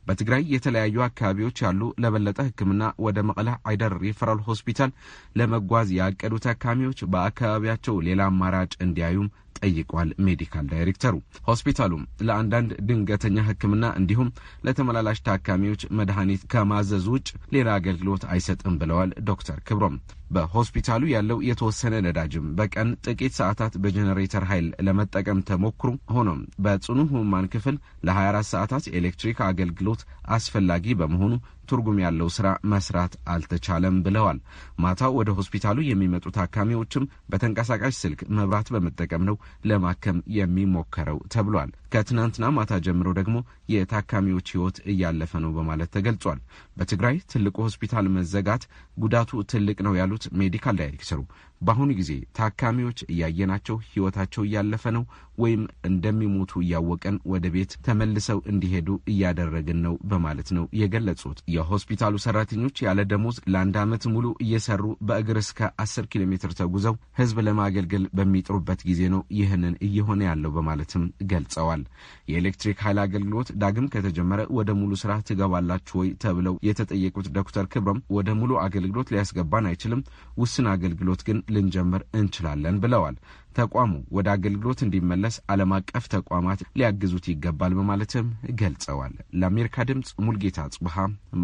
S9: በትግራይ የተለያዩ አካባቢዎች ያሉ ለበለጠ ሕክምና ወደ መቀለ አይደር ሪፈራል ሆስፒታል ለመጓዝ ያቀዱ ታካሚዎች በአካባቢያቸው ሌላ አማራጭ እንዲያዩም ጠይቋል ሜዲካል ዳይሬክተሩ። ሆስፒታሉም ለአንዳንድ ድንገተኛ ሕክምና እንዲሁም ለተመላላሽ ታካሚዎች መድኃኒት ከማዘዝ ውጭ ሌላ አገልግሎት አይሰጥም ብለዋል ዶክተር ክብሮም። በሆስፒታሉ ያለው የተወሰነ ነዳጅም በቀን ጥቂት ሰዓታት በጀኔሬተር ኃይል ለመጠቀም ተሞክሩ ሆኖም በጽኑ ህሙማን ክፍል ለ24 ሰዓታት ኤሌክትሪክ አገልግሎት አስፈላጊ በመሆኑ ትርጉም ያለው ስራ መስራት አልተቻለም ብለዋል። ማታው ወደ ሆስፒታሉ የሚመጡ ታካሚዎችም በተንቀሳቃሽ ስልክ መብራት በመጠቀም ነው ለማከም የሚሞከረው ተብሏል። ከትናንትና ማታ ጀምሮ ደግሞ የታካሚዎች ህይወት እያለፈ ነው በማለት ተገልጿል። በትግራይ ትልቁ ሆስፒታል መዘጋት ጉዳቱ ትልቅ ነው ያሉት ሜዲካል ዳይሬክተሩ በአሁኑ ጊዜ ታካሚዎች እያየናቸው ሕይወታቸው እያለፈ ነው ወይም እንደሚሞቱ እያወቀን ወደ ቤት ተመልሰው እንዲሄዱ እያደረግን ነው በማለት ነው የገለጹት። የሆስፒታሉ ሰራተኞች ያለ ደሞዝ ለአንድ ዓመት ሙሉ እየሰሩ በእግር እስከ አስር ኪሎ ሜትር ተጉዘው ሕዝብ ለማገልገል በሚጥሩበት ጊዜ ነው ይህንን እየሆነ ያለው በማለትም ገልጸዋል። የኤሌክትሪክ ኃይል አገልግሎት ዳግም ከተጀመረ ወደ ሙሉ ስራ ትገባላችሁ ወይ ተብለው የተጠየቁት ዶክተር ክብረም ወደ ሙሉ አገልግሎት ሊያስገባን አይችልም፣ ውስን አገልግሎት ግን ልንጀምር እንችላለን ብለዋል። ተቋሙ ወደ አገልግሎት እንዲመለስ ዓለም አቀፍ ተቋማት ሊያግዙት ይገባል በማለትም ገልጸዋል። ለአሜሪካ ድምፅ ሙልጌታ ጽብሃ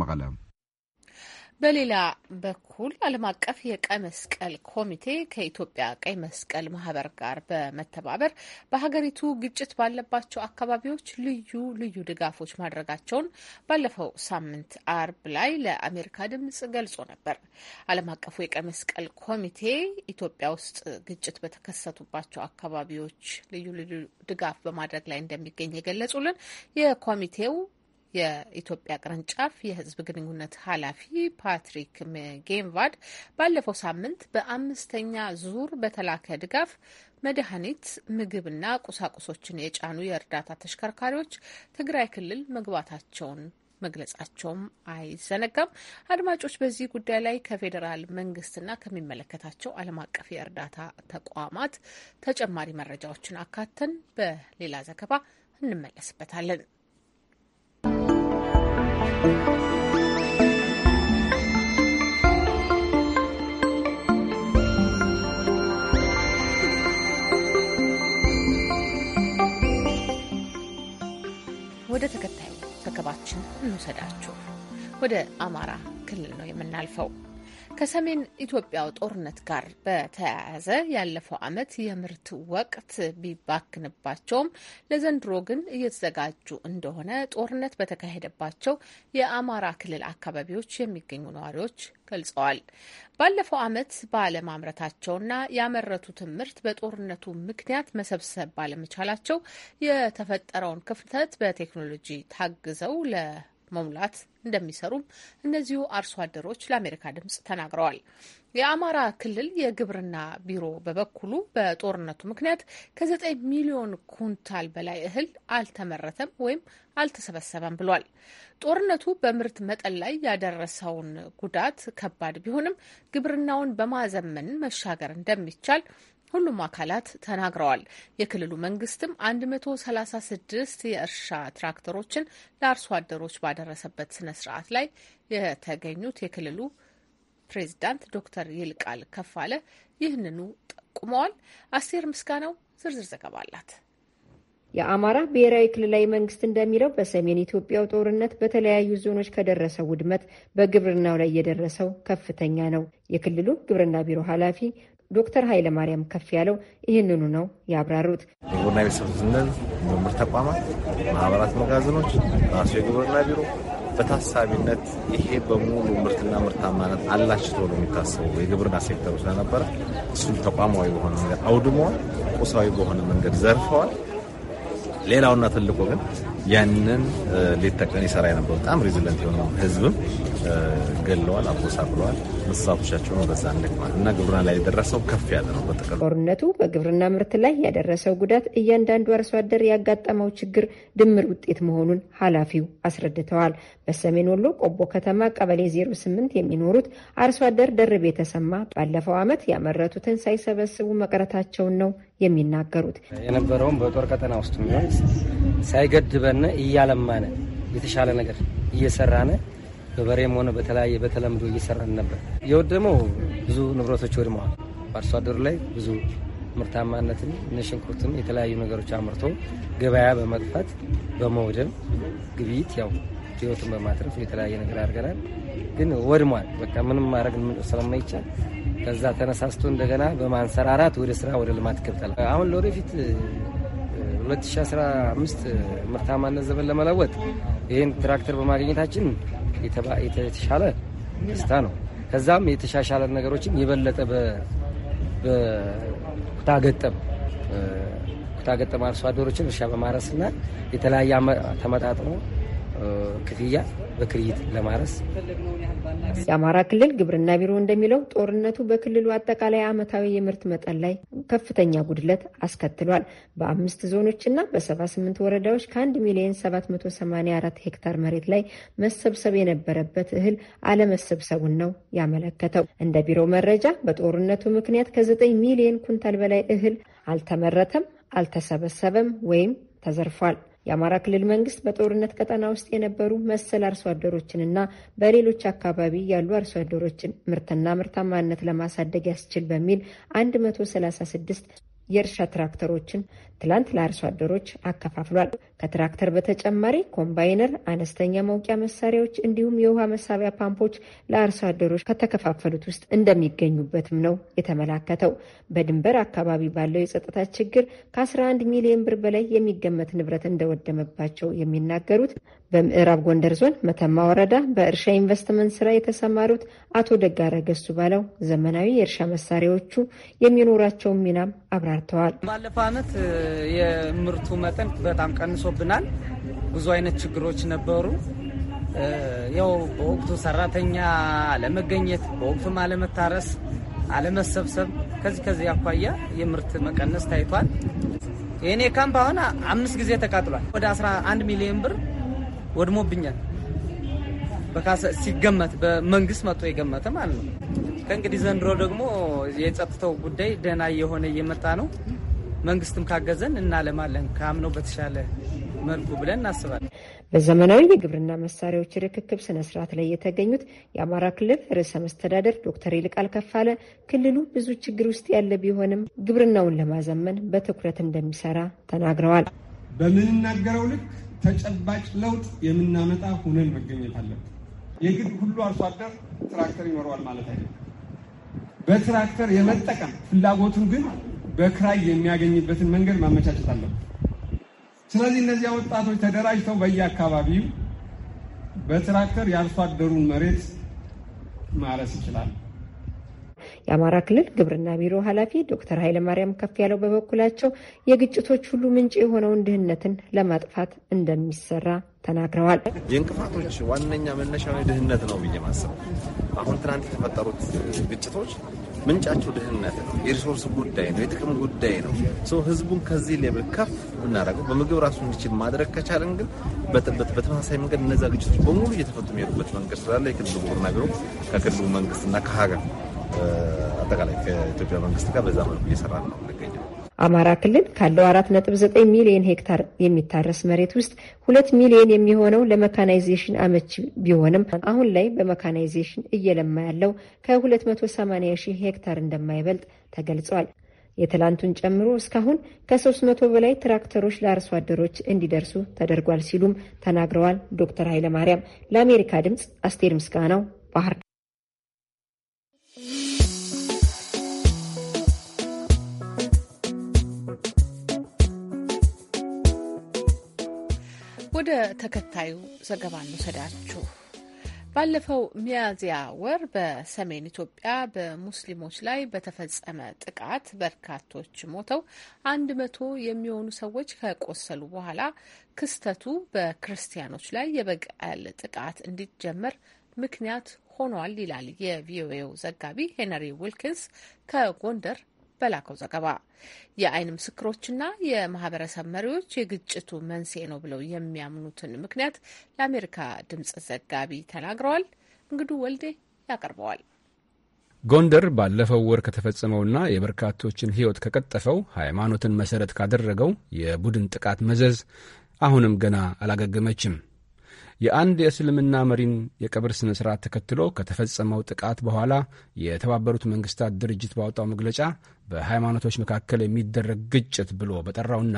S9: መቀለም
S1: በሌላ በኩል ዓለም አቀፍ የቀይ መስቀል ኮሚቴ ከኢትዮጵያ ቀይ መስቀል ማህበር ጋር በመተባበር በሀገሪቱ ግጭት ባለባቸው አካባቢዎች ልዩ ልዩ ድጋፎች ማድረጋቸውን ባለፈው ሳምንት አርብ ላይ ለአሜሪካ ድምጽ ገልጾ ነበር። ዓለም አቀፉ የቀይ መስቀል ኮሚቴ ኢትዮጵያ ውስጥ ግጭት በተከሰቱባቸው አካባቢዎች ልዩ ልዩ ድጋፍ በማድረግ ላይ እንደሚገኝ የገለጹልን የኮሚቴው የኢትዮጵያ ቅርንጫፍ የህዝብ ግንኙነት ኃላፊ ፓትሪክ ሜጌንቫድ ባለፈው ሳምንት በአምስተኛ ዙር በተላከ ድጋፍ መድኃኒት፣ ምግብና ቁሳቁሶችን የጫኑ የእርዳታ ተሽከርካሪዎች ትግራይ ክልል መግባታቸውን መግለጻቸውም አይዘነጋም። አድማጮች፣ በዚህ ጉዳይ ላይ ከፌዴራል መንግስትና ከሚመለከታቸው ዓለም አቀፍ የእርዳታ ተቋማት ተጨማሪ መረጃዎችን አካተን በሌላ ዘገባ እንመለስበታለን። ወደ ተከታዩ ዘገባችን እንውሰዳችሁ። ወደ አማራ ክልል ነው የምናልፈው። ከሰሜን ኢትዮጵያው ጦርነት ጋር በተያያዘ ያለፈው ዓመት የምርት ወቅት ቢባክንባቸውም ለዘንድሮ ግን እየተዘጋጁ እንደሆነ ጦርነት በተካሄደባቸው የአማራ ክልል አካባቢዎች የሚገኙ ነዋሪዎች ገልጸዋል። ባለፈው ዓመት ባለማምረታቸውና ያመረቱትን ምርት በጦርነቱ ምክንያት መሰብሰብ ባለመቻላቸው የተፈጠረውን ክፍተት በቴክኖሎጂ ታግዘው ለ መሙላት እንደሚሰሩም እነዚሁ አርሶ አደሮች ለአሜሪካ ድምጽ ተናግረዋል። የአማራ ክልል የግብርና ቢሮ በበኩሉ በጦርነቱ ምክንያት ከዘጠኝ ሚሊዮን ኩንታል በላይ እህል አልተመረተም ወይም አልተሰበሰበም ብሏል። ጦርነቱ በምርት መጠን ላይ ያደረሰውን ጉዳት ከባድ ቢሆንም ግብርናውን በማዘመን መሻገር እንደሚቻል ሁሉም አካላት ተናግረዋል። የክልሉ መንግስትም 136 የእርሻ ትራክተሮችን ለአርሶ አደሮች ባደረሰበት ስነ ስርዓት ላይ የተገኙት የክልሉ ፕሬዚዳንት ዶክተር ይልቃል ከፋለ ይህንኑ ጠቁመዋል። አስቴር ምስጋናው ዝርዝር ዘገባ አላት።
S8: የአማራ ብሔራዊ ክልላዊ መንግስት እንደሚለው በሰሜን ኢትዮጵያው ጦርነት በተለያዩ ዞኖች ከደረሰው ውድመት በግብርናው ላይ የደረሰው ከፍተኛ ነው። የክልሉ ግብርና ቢሮ ኃላፊ ዶክተር ኃይለማርያም ከፍ ያለው ይህንኑ ነው ያብራሩት።
S3: ግብርና ቤተሰብ ስንል ምርምር ተቋማት፣ ማህበራት፣ መጋዘኖች፣ ራሱ የግብርና ቢሮ በታሳቢነት ይሄ በሙሉ ምርትና ምርታማነት
S9: አላችቶ ነው የሚታሰቡ የግብርና ሴክተሩ ስለነበረ እሱም ተቋማዊ በሆነ መንገድ አውድመዋል፣ ቁሳዊ በሆነ መንገድ ዘርፈዋል። ሌላውና ትልቁ ግን ያንን ሌት ተቀን ይሰራ የነበሩ በጣም ሬዚለንት የሆነው ህዝብም ገለዋል፣ አጎሳቅለዋል። መሳቶቻቸውን በዛ እንደግማል እና ግብርና ላይ የደረሰው ከፍ ያለ ነው። በጠቅላላ
S8: ጦርነቱ በግብርና ምርት ላይ ያደረሰው ጉዳት እያንዳንዱ አርሶ አደር ያጋጠመው ችግር ድምር ውጤት መሆኑን ኃላፊው አስረድተዋል። በሰሜን ወሎ ቆቦ ከተማ ቀበሌ 08 የሚኖሩት አርሶ አደር ደርቤ የተሰማ ባለፈው ዓመት ያመረቱትን ሳይሰበስቡ መቅረታቸውን ነው የሚናገሩት።
S3: የነበረውን በጦር ቀጠና ውስጥ ሚሆን ሳይገድበን እያለማነ የተሻለ ነገር እየሰራነ በበሬም ሆነ በተለያየ በተለምዶ እየሰራን ነበር። የወደመው ብዙ ንብረቶች ወድመዋል። በአርሶ አደሩ ላይ ብዙ ምርታማነትን እነ ሽንኩርትን የተለያዩ ነገሮች አምርቶ ገበያ በመጥፋት በመውደም ግብይት ያው ህይወትን በማትረፍ የተለያየ ነገር አድርገናል። ግን ወድሟል። በቃ ምንም ማድረግ ስለማይቻል ከዛ ተነሳስቶ እንደገና በማንሰራራት ወደ ስራ ወደ ልማት ገብቷል። አሁን ለወደፊት 2015 ምርታማነት ዘመን ለመለወጥ ይህን ትራክተር በማግኘታችን የተሻለ ደስታ ነው። ከዛም የተሻሻለ ነገሮችን የበለጠ በኩታገጠም ኩታገጠም አርሶ አደሮችን እርሻ በማረስና የተለያየ ተመጣጥሞ ክፍያ በክሪት ለማረስ
S8: የአማራ ክልል ግብርና ቢሮ እንደሚለው ጦርነቱ በክልሉ አጠቃላይ ዓመታዊ የምርት መጠን ላይ ከፍተኛ ጉድለት አስከትሏል። በአምስት ዞኖችና በ78 ወረዳዎች ከ1 ሚሊዮን 784 ሄክታር መሬት ላይ መሰብሰብ የነበረበት እህል አለመሰብሰቡን ነው ያመለከተው። እንደ ቢሮ መረጃ በጦርነቱ ምክንያት ከ9 ሚሊዮን ኩንታል በላይ እህል አልተመረተም፣ አልተሰበሰበም ወይም ተዘርፏል። የአማራ ክልል መንግስት በጦርነት ቀጠና ውስጥ የነበሩ መሰል አርሶ አደሮችንና በሌሎች አካባቢ ያሉ አርሶ አደሮችን ምርትና ምርታማነት ለማሳደግ ያስችል በሚል 136 የእርሻ ትራክተሮችን ትላንት ለአርሶ አደሮች አከፋፍሏል። ከትራክተር በተጨማሪ ኮምባይነር፣ አነስተኛ መውቂያ መሳሪያዎች እንዲሁም የውሃ መሳቢያ ፓምፖች ለአርሶ አደሮች ከተከፋፈሉት ውስጥ እንደሚገኙበትም ነው የተመላከተው። በድንበር አካባቢ ባለው የጸጥታ ችግር ከ11 ሚሊዮን ብር በላይ የሚገመት ንብረት እንደወደመባቸው የሚናገሩት በምዕራብ ጎንደር ዞን መተማ ወረዳ በእርሻ ኢንቨስትመንት ስራ የተሰማሩት አቶ ደጋረ ገሱ ባለው ዘመናዊ የእርሻ መሳሪያዎቹ የሚኖራቸውን ሚናም አብራርተዋል።
S3: ባለፈው ዓመት የምርቱ መጠን በጣም ቀንሶብናል። ብዙ አይነት ችግሮች ነበሩ። ያው በወቅቱ ሰራተኛ አለመገኘት፣ በወቅቱም አለመታረስ፣ አለመሰብሰብ ከዚህ ከዚህ አኳያ የምርት መቀነስ ታይቷል። የእኔ ካምፕ አሁን አምስት ጊዜ ተቃጥሏል። ወደ 11 ሚሊዮን ብር ወድሞብኛል ሲገመት በመንግስት መጥቶ የገመተ ማለት ነው። ከእንግዲህ ዘንድሮ ደግሞ የጸጥታው ጉዳይ ደህና እየሆነ እየመጣ ነው። መንግስትም ካገዘን እናለማለን ከአምነው በተሻለ መልኩ ብለን እናስባለን።
S8: በዘመናዊ የግብርና መሳሪያዎች ርክክብ ስነስርዓት ላይ የተገኙት የአማራ ክልል ርዕሰ መስተዳደር ዶክተር ይልቃል ከፋለ ክልሉ ብዙ ችግር ውስጥ ያለ ቢሆንም ግብርናውን ለማዘመን በትኩረት እንደሚሰራ ተናግረዋል። በምንናገረው ልክ ተጨባጭ ለውጥ
S10: የምናመጣ ሁነን መገኘት አለብን። የግድ ሁሉ አርሶ አደር ትራክተር ይኖረዋል ማለት አይደለም። በትራክተር የመጠቀም ፍላጎቱን ግን በክራይ የሚያገኝበትን መንገድ ማመቻቸት ስለዚህ እነዚያ ወጣቶች ተደራጅተው በየአካባቢው በትራክተር የአርሶ አደሩን መሬት ማረስ ይችላል።
S8: የአማራ ክልል ግብርና ቢሮ ኃላፊ ዶክተር ኃይለማርያም ከፍ ያለው በበኩላቸው የግጭቶች ሁሉ ምንጭ የሆነውን ድህነትን ለማጥፋት እንደሚሰራ ተናግረዋል።
S9: የእንቅፋቶች ዋነኛ መነሻ ድህነት ነው ብዬ ማሰብ አሁን ትናንት የተፈጠሩት ግጭቶች ምንጫቸው ደህንነት ነው፣ የሪሶርስ ጉዳይ ነው፣ የጥቅም ጉዳይ ነው። ሰው ህዝቡን ከዚህ ሌብል ከፍ ብናደርገው በምግብ ራሱ እንዲችል ማድረግ ከቻለን ግን በተመሳሳይ መንገድ እነዛ ግጭቶች በሙሉ እየተፈቱ የሚሄዱበት መንገድ ስላለ የክልሉ ግብርና ቢሮ ከክልሉ መንግስትና ከሀገር አጠቃላይ ከኢትዮጵያ መንግስት ጋር በዛ መልኩ እየሰራ ነው።
S8: አማራ ክልል ካለው 4.9 ሚሊዮን ሄክታር የሚታረስ መሬት ውስጥ ሁለት ሚሊዮን የሚሆነው ለመካናይዜሽን አመች ቢሆንም አሁን ላይ በመካናይዜሽን እየለማ ያለው ከ280 ሺህ ሄክታር እንደማይበልጥ ተገልጿል። የትላንቱን ጨምሮ እስካሁን ከ300 በላይ ትራክተሮች ለአርሶ አደሮች እንዲደርሱ ተደርጓል ሲሉም ተናግረዋል። ዶክተር ኃይለማርያም ለአሜሪካ ድምፅ አስቴር ምስጋናው ባህር
S1: ወደ ተከታዩ ዘገባ እንውሰዳችሁ። ባለፈው ሚያዝያ ወር በሰሜን ኢትዮጵያ በሙስሊሞች ላይ በተፈጸመ ጥቃት በርካቶች ሞተው አንድ መቶ የሚሆኑ ሰዎች ከቆሰሉ በኋላ ክስተቱ በክርስቲያኖች ላይ የበቀል ጥቃት እንዲጀመር ምክንያት ሆኗል ይላል የቪኦኤው ዘጋቢ ሄነሪ ዊልኪንስ ከጎንደር በላከው ዘገባ የአይን ምስክሮችና የማህበረሰብ መሪዎች የግጭቱ መንስኤ ነው ብለው የሚያምኑትን ምክንያት ለአሜሪካ ድምጽ ዘጋቢ ተናግረዋል። እንግዱ ወልዴ ያቀርበዋል።
S10: ጎንደር ባለፈው ወር ከተፈጸመውና የበርካቶችን ሕይወት ከቀጠፈው ሃይማኖትን መሰረት ካደረገው የቡድን ጥቃት መዘዝ አሁንም ገና አላገገመችም። የአንድ የእስልምና መሪን የቀብር ሥነ ሥርዓት ተከትሎ ከተፈጸመው ጥቃት በኋላ የተባበሩት መንግስታት ድርጅት ባወጣው መግለጫ በሃይማኖቶች መካከል የሚደረግ ግጭት ብሎ በጠራውና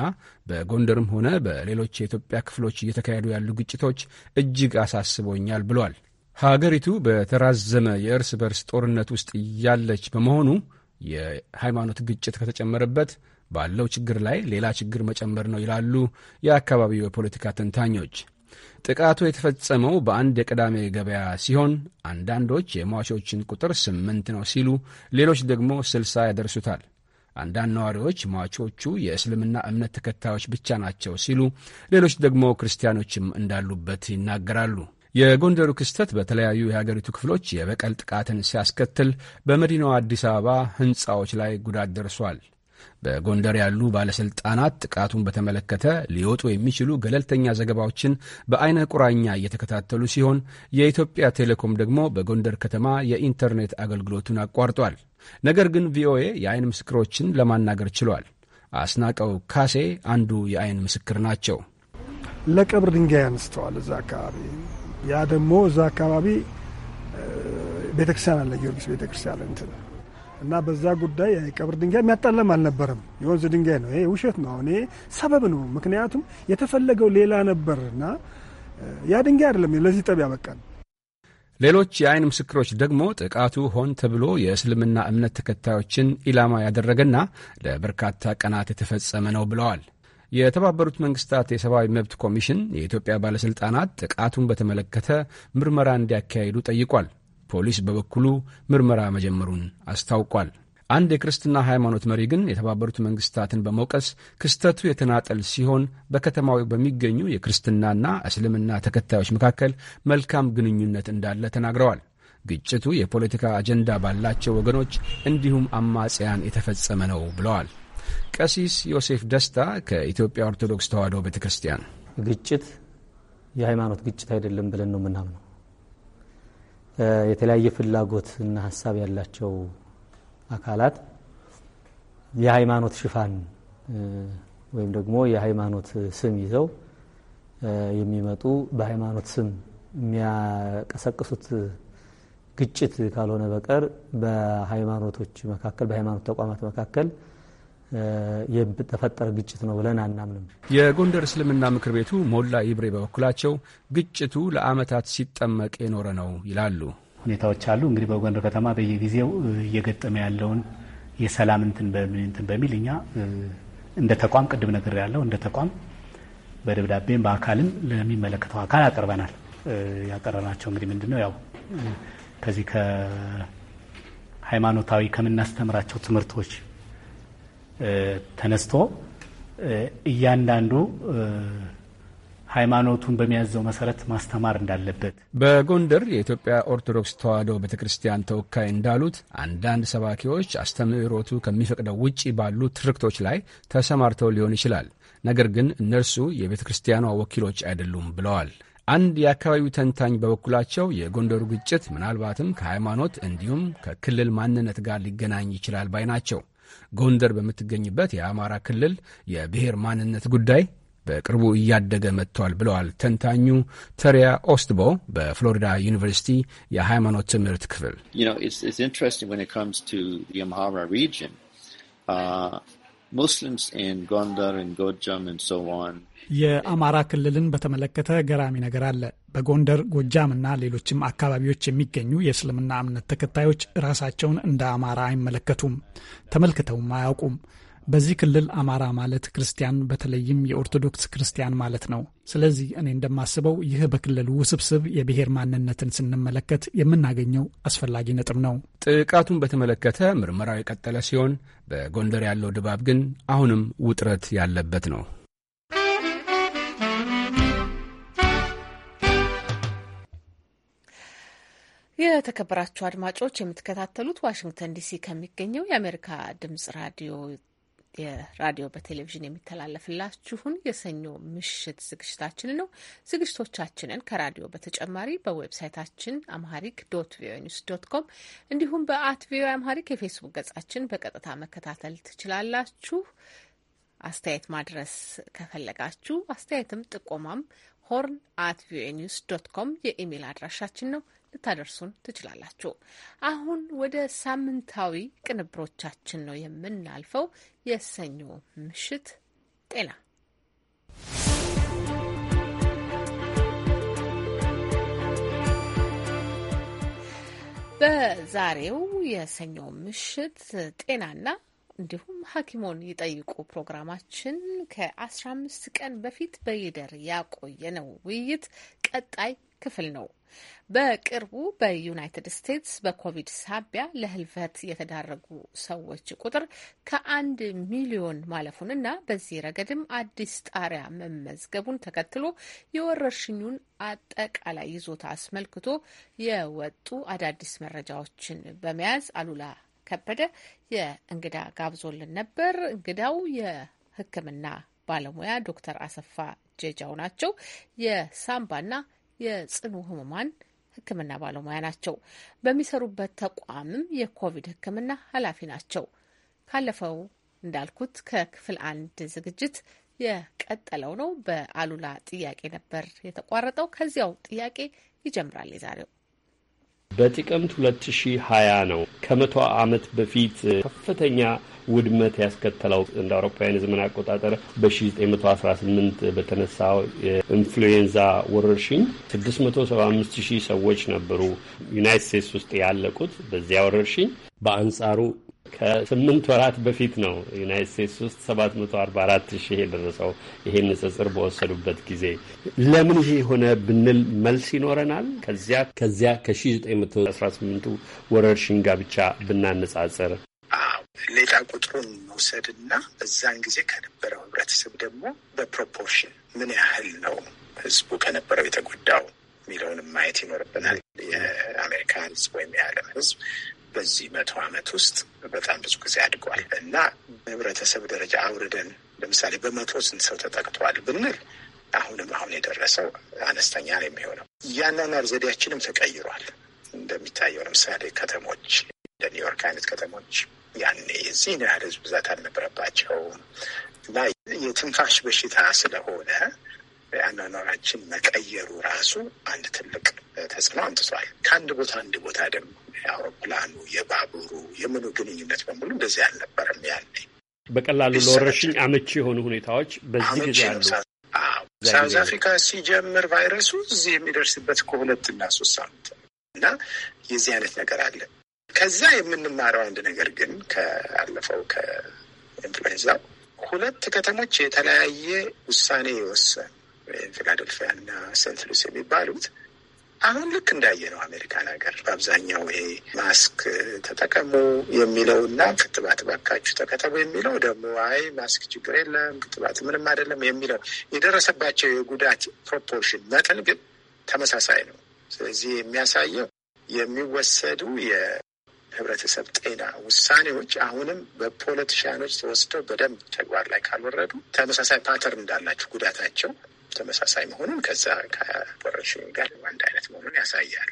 S10: በጎንደርም ሆነ በሌሎች የኢትዮጵያ ክፍሎች እየተካሄዱ ያሉ ግጭቶች እጅግ አሳስቦኛል ብሏል። ሀገሪቱ በተራዘመ የእርስ በርስ ጦርነት ውስጥ ያለች በመሆኑ የሃይማኖት ግጭት ከተጨመረበት ባለው ችግር ላይ ሌላ ችግር መጨመር ነው ይላሉ የአካባቢው የፖለቲካ ተንታኞች። ጥቃቱ የተፈጸመው በአንድ የቅዳሜ ገበያ ሲሆን አንዳንዶች የሟቾችን ቁጥር ስምንት ነው ሲሉ፣ ሌሎች ደግሞ ስልሳ ያደርሱታል። አንዳንድ ነዋሪዎች ሟቾቹ የእስልምና እምነት ተከታዮች ብቻ ናቸው ሲሉ፣ ሌሎች ደግሞ ክርስቲያኖችም እንዳሉበት ይናገራሉ። የጎንደሩ ክስተት በተለያዩ የሀገሪቱ ክፍሎች የበቀል ጥቃትን ሲያስከትል በመዲናዋ አዲስ አበባ ሕንፃዎች ላይ ጉዳት ደርሷል። በጎንደር ያሉ ባለስልጣናት ጥቃቱን በተመለከተ ሊወጡ የሚችሉ ገለልተኛ ዘገባዎችን በአይነ ቁራኛ እየተከታተሉ ሲሆን የኢትዮጵያ ቴሌኮም ደግሞ በጎንደር ከተማ የኢንተርኔት አገልግሎቱን አቋርጧል። ነገር ግን ቪኦኤ የአይን ምስክሮችን ለማናገር ችሏል። አስናቀው ካሴ አንዱ የአይን ምስክር ናቸው።
S6: ለቀብር ድንጋይ አንስተዋል እዛ አካባቢ። ያ ደግሞ እዛ አካባቢ ቤተክርስቲያን አለ፣ ጊዮርጊስ ቤተክርስቲያን እንትን እና በዛ ጉዳይ የቀብር ድንጋይ የሚያጣለም አልነበረም። የወንዝ ድንጋይ ነው። ይሄ ውሸት ነው። አሁን ይሄ ሰበብ ነው። ምክንያቱም የተፈለገው ሌላ ነበር እና ያ ድንጋይ አይደለም ለዚህ ጠብ ያበቃል።
S10: ሌሎች የአይን ምስክሮች ደግሞ ጥቃቱ ሆን ተብሎ የእስልምና እምነት ተከታዮችን ኢላማ ያደረገና ለበርካታ ቀናት የተፈጸመ ነው ብለዋል። የተባበሩት መንግስታት የሰብአዊ መብት ኮሚሽን የኢትዮጵያ ባለሥልጣናት ጥቃቱን በተመለከተ ምርመራ እንዲያካሂዱ ጠይቋል። ፖሊስ በበኩሉ ምርመራ መጀመሩን አስታውቋል። አንድ የክርስትና ሃይማኖት መሪ ግን የተባበሩት መንግስታትን በመውቀስ ክስተቱ የተናጠል ሲሆን በከተማው በሚገኙ የክርስትናና እስልምና ተከታዮች መካከል መልካም ግንኙነት እንዳለ ተናግረዋል። ግጭቱ የፖለቲካ አጀንዳ ባላቸው ወገኖች እንዲሁም አማጽያን የተፈጸመ ነው ብለዋል። ቀሲስ ዮሴፍ ደስታ ከኢትዮጵያ ኦርቶዶክስ ተዋሕዶ ቤተ ክርስቲያን ግጭት
S3: የሃይማኖት ግጭት አይደለም ብለን ነው የምናምነው የተለያየ ፍላጎት እና ሀሳብ ያላቸው አካላት የሃይማኖት ሽፋን ወይም ደግሞ የሃይማኖት ስም ይዘው የሚመጡ በሃይማኖት ስም የሚያቀሰቅሱት ግጭት ካልሆነ በቀር በሃይማኖቶች መካከል በሃይማኖት ተቋማት መካከል የተፈጠረ ግጭት ነው ብለን አናምንም።
S10: የጎንደር እስልምና ምክር ቤቱ ሞላ ኢብሬ በበኩላቸው ግጭቱ ለዓመታት ሲጠመቅ የኖረ ነው ይላሉ። ሁኔታዎች አሉ እንግዲህ በጎንደር ከተማ በየጊዜው እየገጠመ ያለውን የሰላም እንትን በሚል እኛ እንደ ተቋም ቅድም ነገር ያለው እንደ ተቋም በደብዳቤም በአካልም ለሚመለከተው አካል
S3: አቅርበናል። ያቀረናቸው
S10: እንግዲህ ምንድን ነው ያው
S3: ከዚህ ከሃይማኖታዊ ከምናስተምራቸው ትምህርቶች ተነስቶ እያንዳንዱ ሃይማኖቱን በሚያዘው
S10: መሰረት ማስተማር እንዳለበት በጎንደር የኢትዮጵያ ኦርቶዶክስ ተዋሕዶ ቤተ ክርስቲያን ተወካይ እንዳሉት አንዳንድ ሰባኪዎች አስተምህሮቱ ከሚፈቅደው ውጪ ባሉ ትርክቶች ላይ ተሰማርተው ሊሆን ይችላል። ነገር ግን እነርሱ የቤተ ክርስቲያኗ ወኪሎች አይደሉም ብለዋል። አንድ የአካባቢው ተንታኝ በበኩላቸው የጎንደሩ ግጭት ምናልባትም ከሃይማኖት እንዲሁም ከክልል ማንነት ጋር ሊገናኝ ይችላል ባይ ናቸው። ጎንደር በምትገኝበት የአማራ ክልል የብሔር ማንነት ጉዳይ በቅርቡ እያደገ መጥቷል ብለዋል ተንታኙ ተሪያ ኦስትቦ በፍሎሪዳ ዩኒቨርሲቲ የሃይማኖት ትምህርት ክፍል።
S7: ሙስሊምስ ጎንደር ጎጃም ሶ ኦን
S3: የአማራ ክልልን በተመለከተ ገራሚ ነገር አለ። በጎንደር ጎጃምና ሌሎችም አካባቢዎች የሚገኙ የእስልምና እምነት ተከታዮች ራሳቸውን እንደ አማራ አይመለከቱም፣ ተመልክተውም አያውቁም። በዚህ ክልል አማራ ማለት ክርስቲያን፣ በተለይም የኦርቶዶክስ ክርስቲያን ማለት ነው። ስለዚህ እኔ እንደማስበው ይህ በክልሉ ውስብስብ የብሔር ማንነትን ስንመለከት የምናገኘው አስፈላጊ ነጥብ ነው።
S10: ጥቃቱን በተመለከተ ምርመራው የቀጠለ ሲሆን፣ በጎንደር ያለው ድባብ ግን አሁንም ውጥረት ያለበት ነው።
S1: የተከበራችሁ አድማጮች የምትከታተሉት ዋሽንግተን ዲሲ ከሚገኘው የአሜሪካ ድምጽ ራዲዮ የራዲዮ በቴሌቪዥን የሚተላለፍላችሁን የሰኞ ምሽት ዝግጅታችን ነው። ዝግጅቶቻችንን ከራዲዮ በተጨማሪ በዌብሳይታችን አምሃሪክ ዶት ቪኦኤ ኒውስ ዶት ኮም እንዲሁም በአት ቪኦኤ አምሃሪክ የፌስቡክ ገጻችን በቀጥታ መከታተል ትችላላችሁ። አስተያየት ማድረስ ከፈለጋችሁ አስተያየትም ጥቆማም ሆርን አት ቪኦኤ ኒውስ ዶት ኮም የኢሜይል አድራሻችን ነው። ልታደርሱን ትችላላችሁ። አሁን ወደ ሳምንታዊ ቅንብሮቻችን ነው የምናልፈው። የሰኞ ምሽት ጤና በዛሬው የሰኞ ምሽት ጤናና እንዲሁም ሐኪሞን ይጠይቁ ፕሮግራማችን ከ15 ቀን በፊት በይደር ያቆየነው ውይይት ቀጣይ ክፍል ነው። በቅርቡ በዩናይትድ ስቴትስ በኮቪድ ሳቢያ ለህልፈት የተዳረጉ ሰዎች ቁጥር ከአንድ ሚሊዮን ማለፉንና በዚህ ረገድም አዲስ ጣሪያ መመዝገቡን ተከትሎ የወረርሽኙን አጠቃላይ ይዞታ አስመልክቶ የወጡ አዳዲስ መረጃዎችን በመያዝ አሉላ ከበደ የእንግዳ ጋብዞልን ነበር። እንግዳው የሕክምና ባለሙያ ዶክተር አሰፋ ጀጃው ናቸው። የሳምባና የጽኑ ህሙማን ህክምና ባለሙያ ናቸው። በሚሰሩበት ተቋምም የኮቪድ ህክምና ኃላፊ ናቸው። ካለፈው እንዳልኩት ከክፍል አንድ ዝግጅት የቀጠለው ነው። በአሉላ ጥያቄ ነበር የተቋረጠው። ከዚያው ጥያቄ ይጀምራል የዛሬው
S7: በጥቅምት 2020 ነው ከመቶ ዓመት በፊት ከፍተኛ ውድመት ያስከተለው እንደ አውሮፓውያን የዘመን አቆጣጠር በ1918 በተነሳው የኢንፍሉዌንዛ ወረርሽኝ 675 ሺህ ሰዎች ነበሩ ዩናይት ስቴትስ ውስጥ ያለቁት በዚያ ወረርሽኝ። በአንጻሩ ከስምንት ወራት በፊት ነው ዩናይት ስቴትስ ውስጥ ሰባት መቶ አርባ አራት ሺህ የደረሰው። ይሄን ንጽጽር በወሰዱበት ጊዜ ለምን ይሄ የሆነ ብንል መልስ ይኖረናል። ከዚያ ከዚያ ከሺ ዘጠኝ መቶ አስራ ስምንቱ ወረርሽኝ ጋር ብቻ ብናነጻጽር
S6: ሌላ ቁጥሩን መውሰድ እና በዛን ጊዜ ከነበረው ህብረተሰብ ደግሞ በፕሮፖርሽን ምን ያህል ነው ህዝቡ ከነበረው የተጎዳው የሚለውንም ማየት ይኖርብናል። የአሜሪካን ህዝብ ወይም የዓለም ህዝብ በዚህ መቶ ዓመት ውስጥ በጣም ብዙ ጊዜ አድጓል እና በህብረተሰብ ደረጃ አውርደን ለምሳሌ በመቶ ስንት ሰው ተጠቅቷል ብንል አሁንም አሁን የደረሰው አነስተኛ ነው የሚሆነው። እያንዳንዱ ዘዴያችንም ተቀይሯል። እንደሚታየው ለምሳሌ ከተሞች እንደ ኒውዮርክ አይነት ከተሞች ያኔ የዚህን ያህል ህዝብ ብዛት አልነበረባቸውም እና የትንፋሽ በሽታ ስለሆነ አኗኗራችን መቀየሩ ራሱ አንድ ትልቅ ተጽዕኖ አምጥቷል። ከአንድ ቦታ አንድ ቦታ ደግሞ የአውሮፕላኑ፣ የባቡሩ፣ የምኑ ግንኙነት በሙሉ እንደዚህ አልነበረም። ያለ
S7: በቀላሉ ለወረርሽኝ አመቺ የሆኑ ሁኔታዎች በዚህ ጊዜ አሉ።
S6: ሳውዝ አፍሪካ ሲጀምር ቫይረሱ እዚህ የሚደርስበት ከሁለት እና ሶስት ሳምንት እና የዚህ አይነት ነገር አለ። ከዛ የምንማረው አንድ ነገር ግን ከአለፈው ከኢንፍሉዌንዛው ሁለት ከተሞች የተለያየ ውሳኔ የወሰኑ ፊላደልፊያ እና ሴንት ሉስ የሚባሉት አሁን ልክ እንዳየ ነው አሜሪካን ሀገር በአብዛኛው ይሄ ማስክ ተጠቀሙ የሚለው እና ክትባት ባካችሁ ተከተቡ የሚለው ደግሞ አይ ማስክ ችግር የለም ክትባት ምንም አይደለም የሚለው የደረሰባቸው የጉዳት ፕሮፖርሽን መጠን ግን ተመሳሳይ ነው። ስለዚህ የሚያሳየው የሚወሰዱ የህብረተሰብ ጤና ውሳኔዎች አሁንም በፖለቲሻኖች ተወስደው በደንብ ተግባር ላይ ካልወረዱ ተመሳሳይ ፓተርን እንዳላቸው ጉዳታቸው ተመሳሳይ መሆኑን ከዛ ከወረርሽኙ ጋር አንድ አይነት መሆኑን ያሳያል።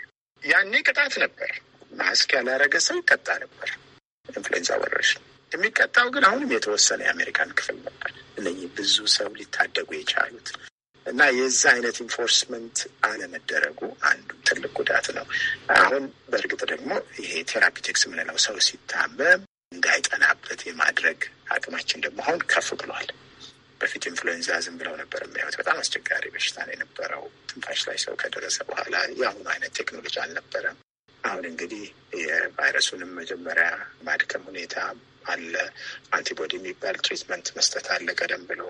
S6: ያኔ ቅጣት ነበር። ማስክ ያላረገ ሰው ይቀጣ ነበር። ኢንፍሉዌንዛ ወረርሽኝ የሚቀጣው ግን አሁንም የተወሰነ የአሜሪካን ክፍል ነበር። እነኚህ ብዙ ሰው ሊታደጉ የቻሉት እና የዛ አይነት ኢንፎርስመንት አለመደረጉ አንዱ ትልቅ ጉዳት ነው። አሁን በእርግጥ ደግሞ ይሄ ቴራፒቲክስ የምንለው ሰው ሲታመም እንዳይጠናበት የማድረግ አቅማችን ደግሞ አሁን ከፍ ብሏል። በፊት ኢንፍሉዌንዛ ዝም ብለው ነበር የሚያዩት። በጣም አስቸጋሪ በሽታ ነው የነበረው። ትንፋሽ ላይ ሰው ከደረሰ በኋላ የአሁኑ አይነት ቴክኖሎጂ አልነበረም። አሁን እንግዲህ የቫይረሱንም መጀመሪያ ማድከም ሁኔታ አለ። አንቲቦዲ የሚባል ትሪትመንት መስጠት አለ ቀደም ብሎ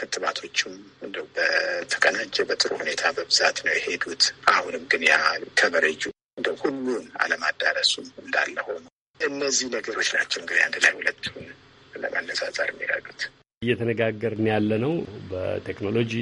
S6: ክትባቶቹም እንደው በተቀናጀ በጥሩ ሁኔታ በብዛት ነው የሄዱት። አሁንም ግን ያ ከበሬጁ እንደ ሁሉን አለማዳረሱም እንዳለ ሆኖ እነዚህ ነገሮች ናቸው እንግዲህ አንድ ላይ ሁለቱን ለማነጻጸር የሚረዱት።
S7: እየተነጋገርን ያለ ነው። በቴክኖሎጂ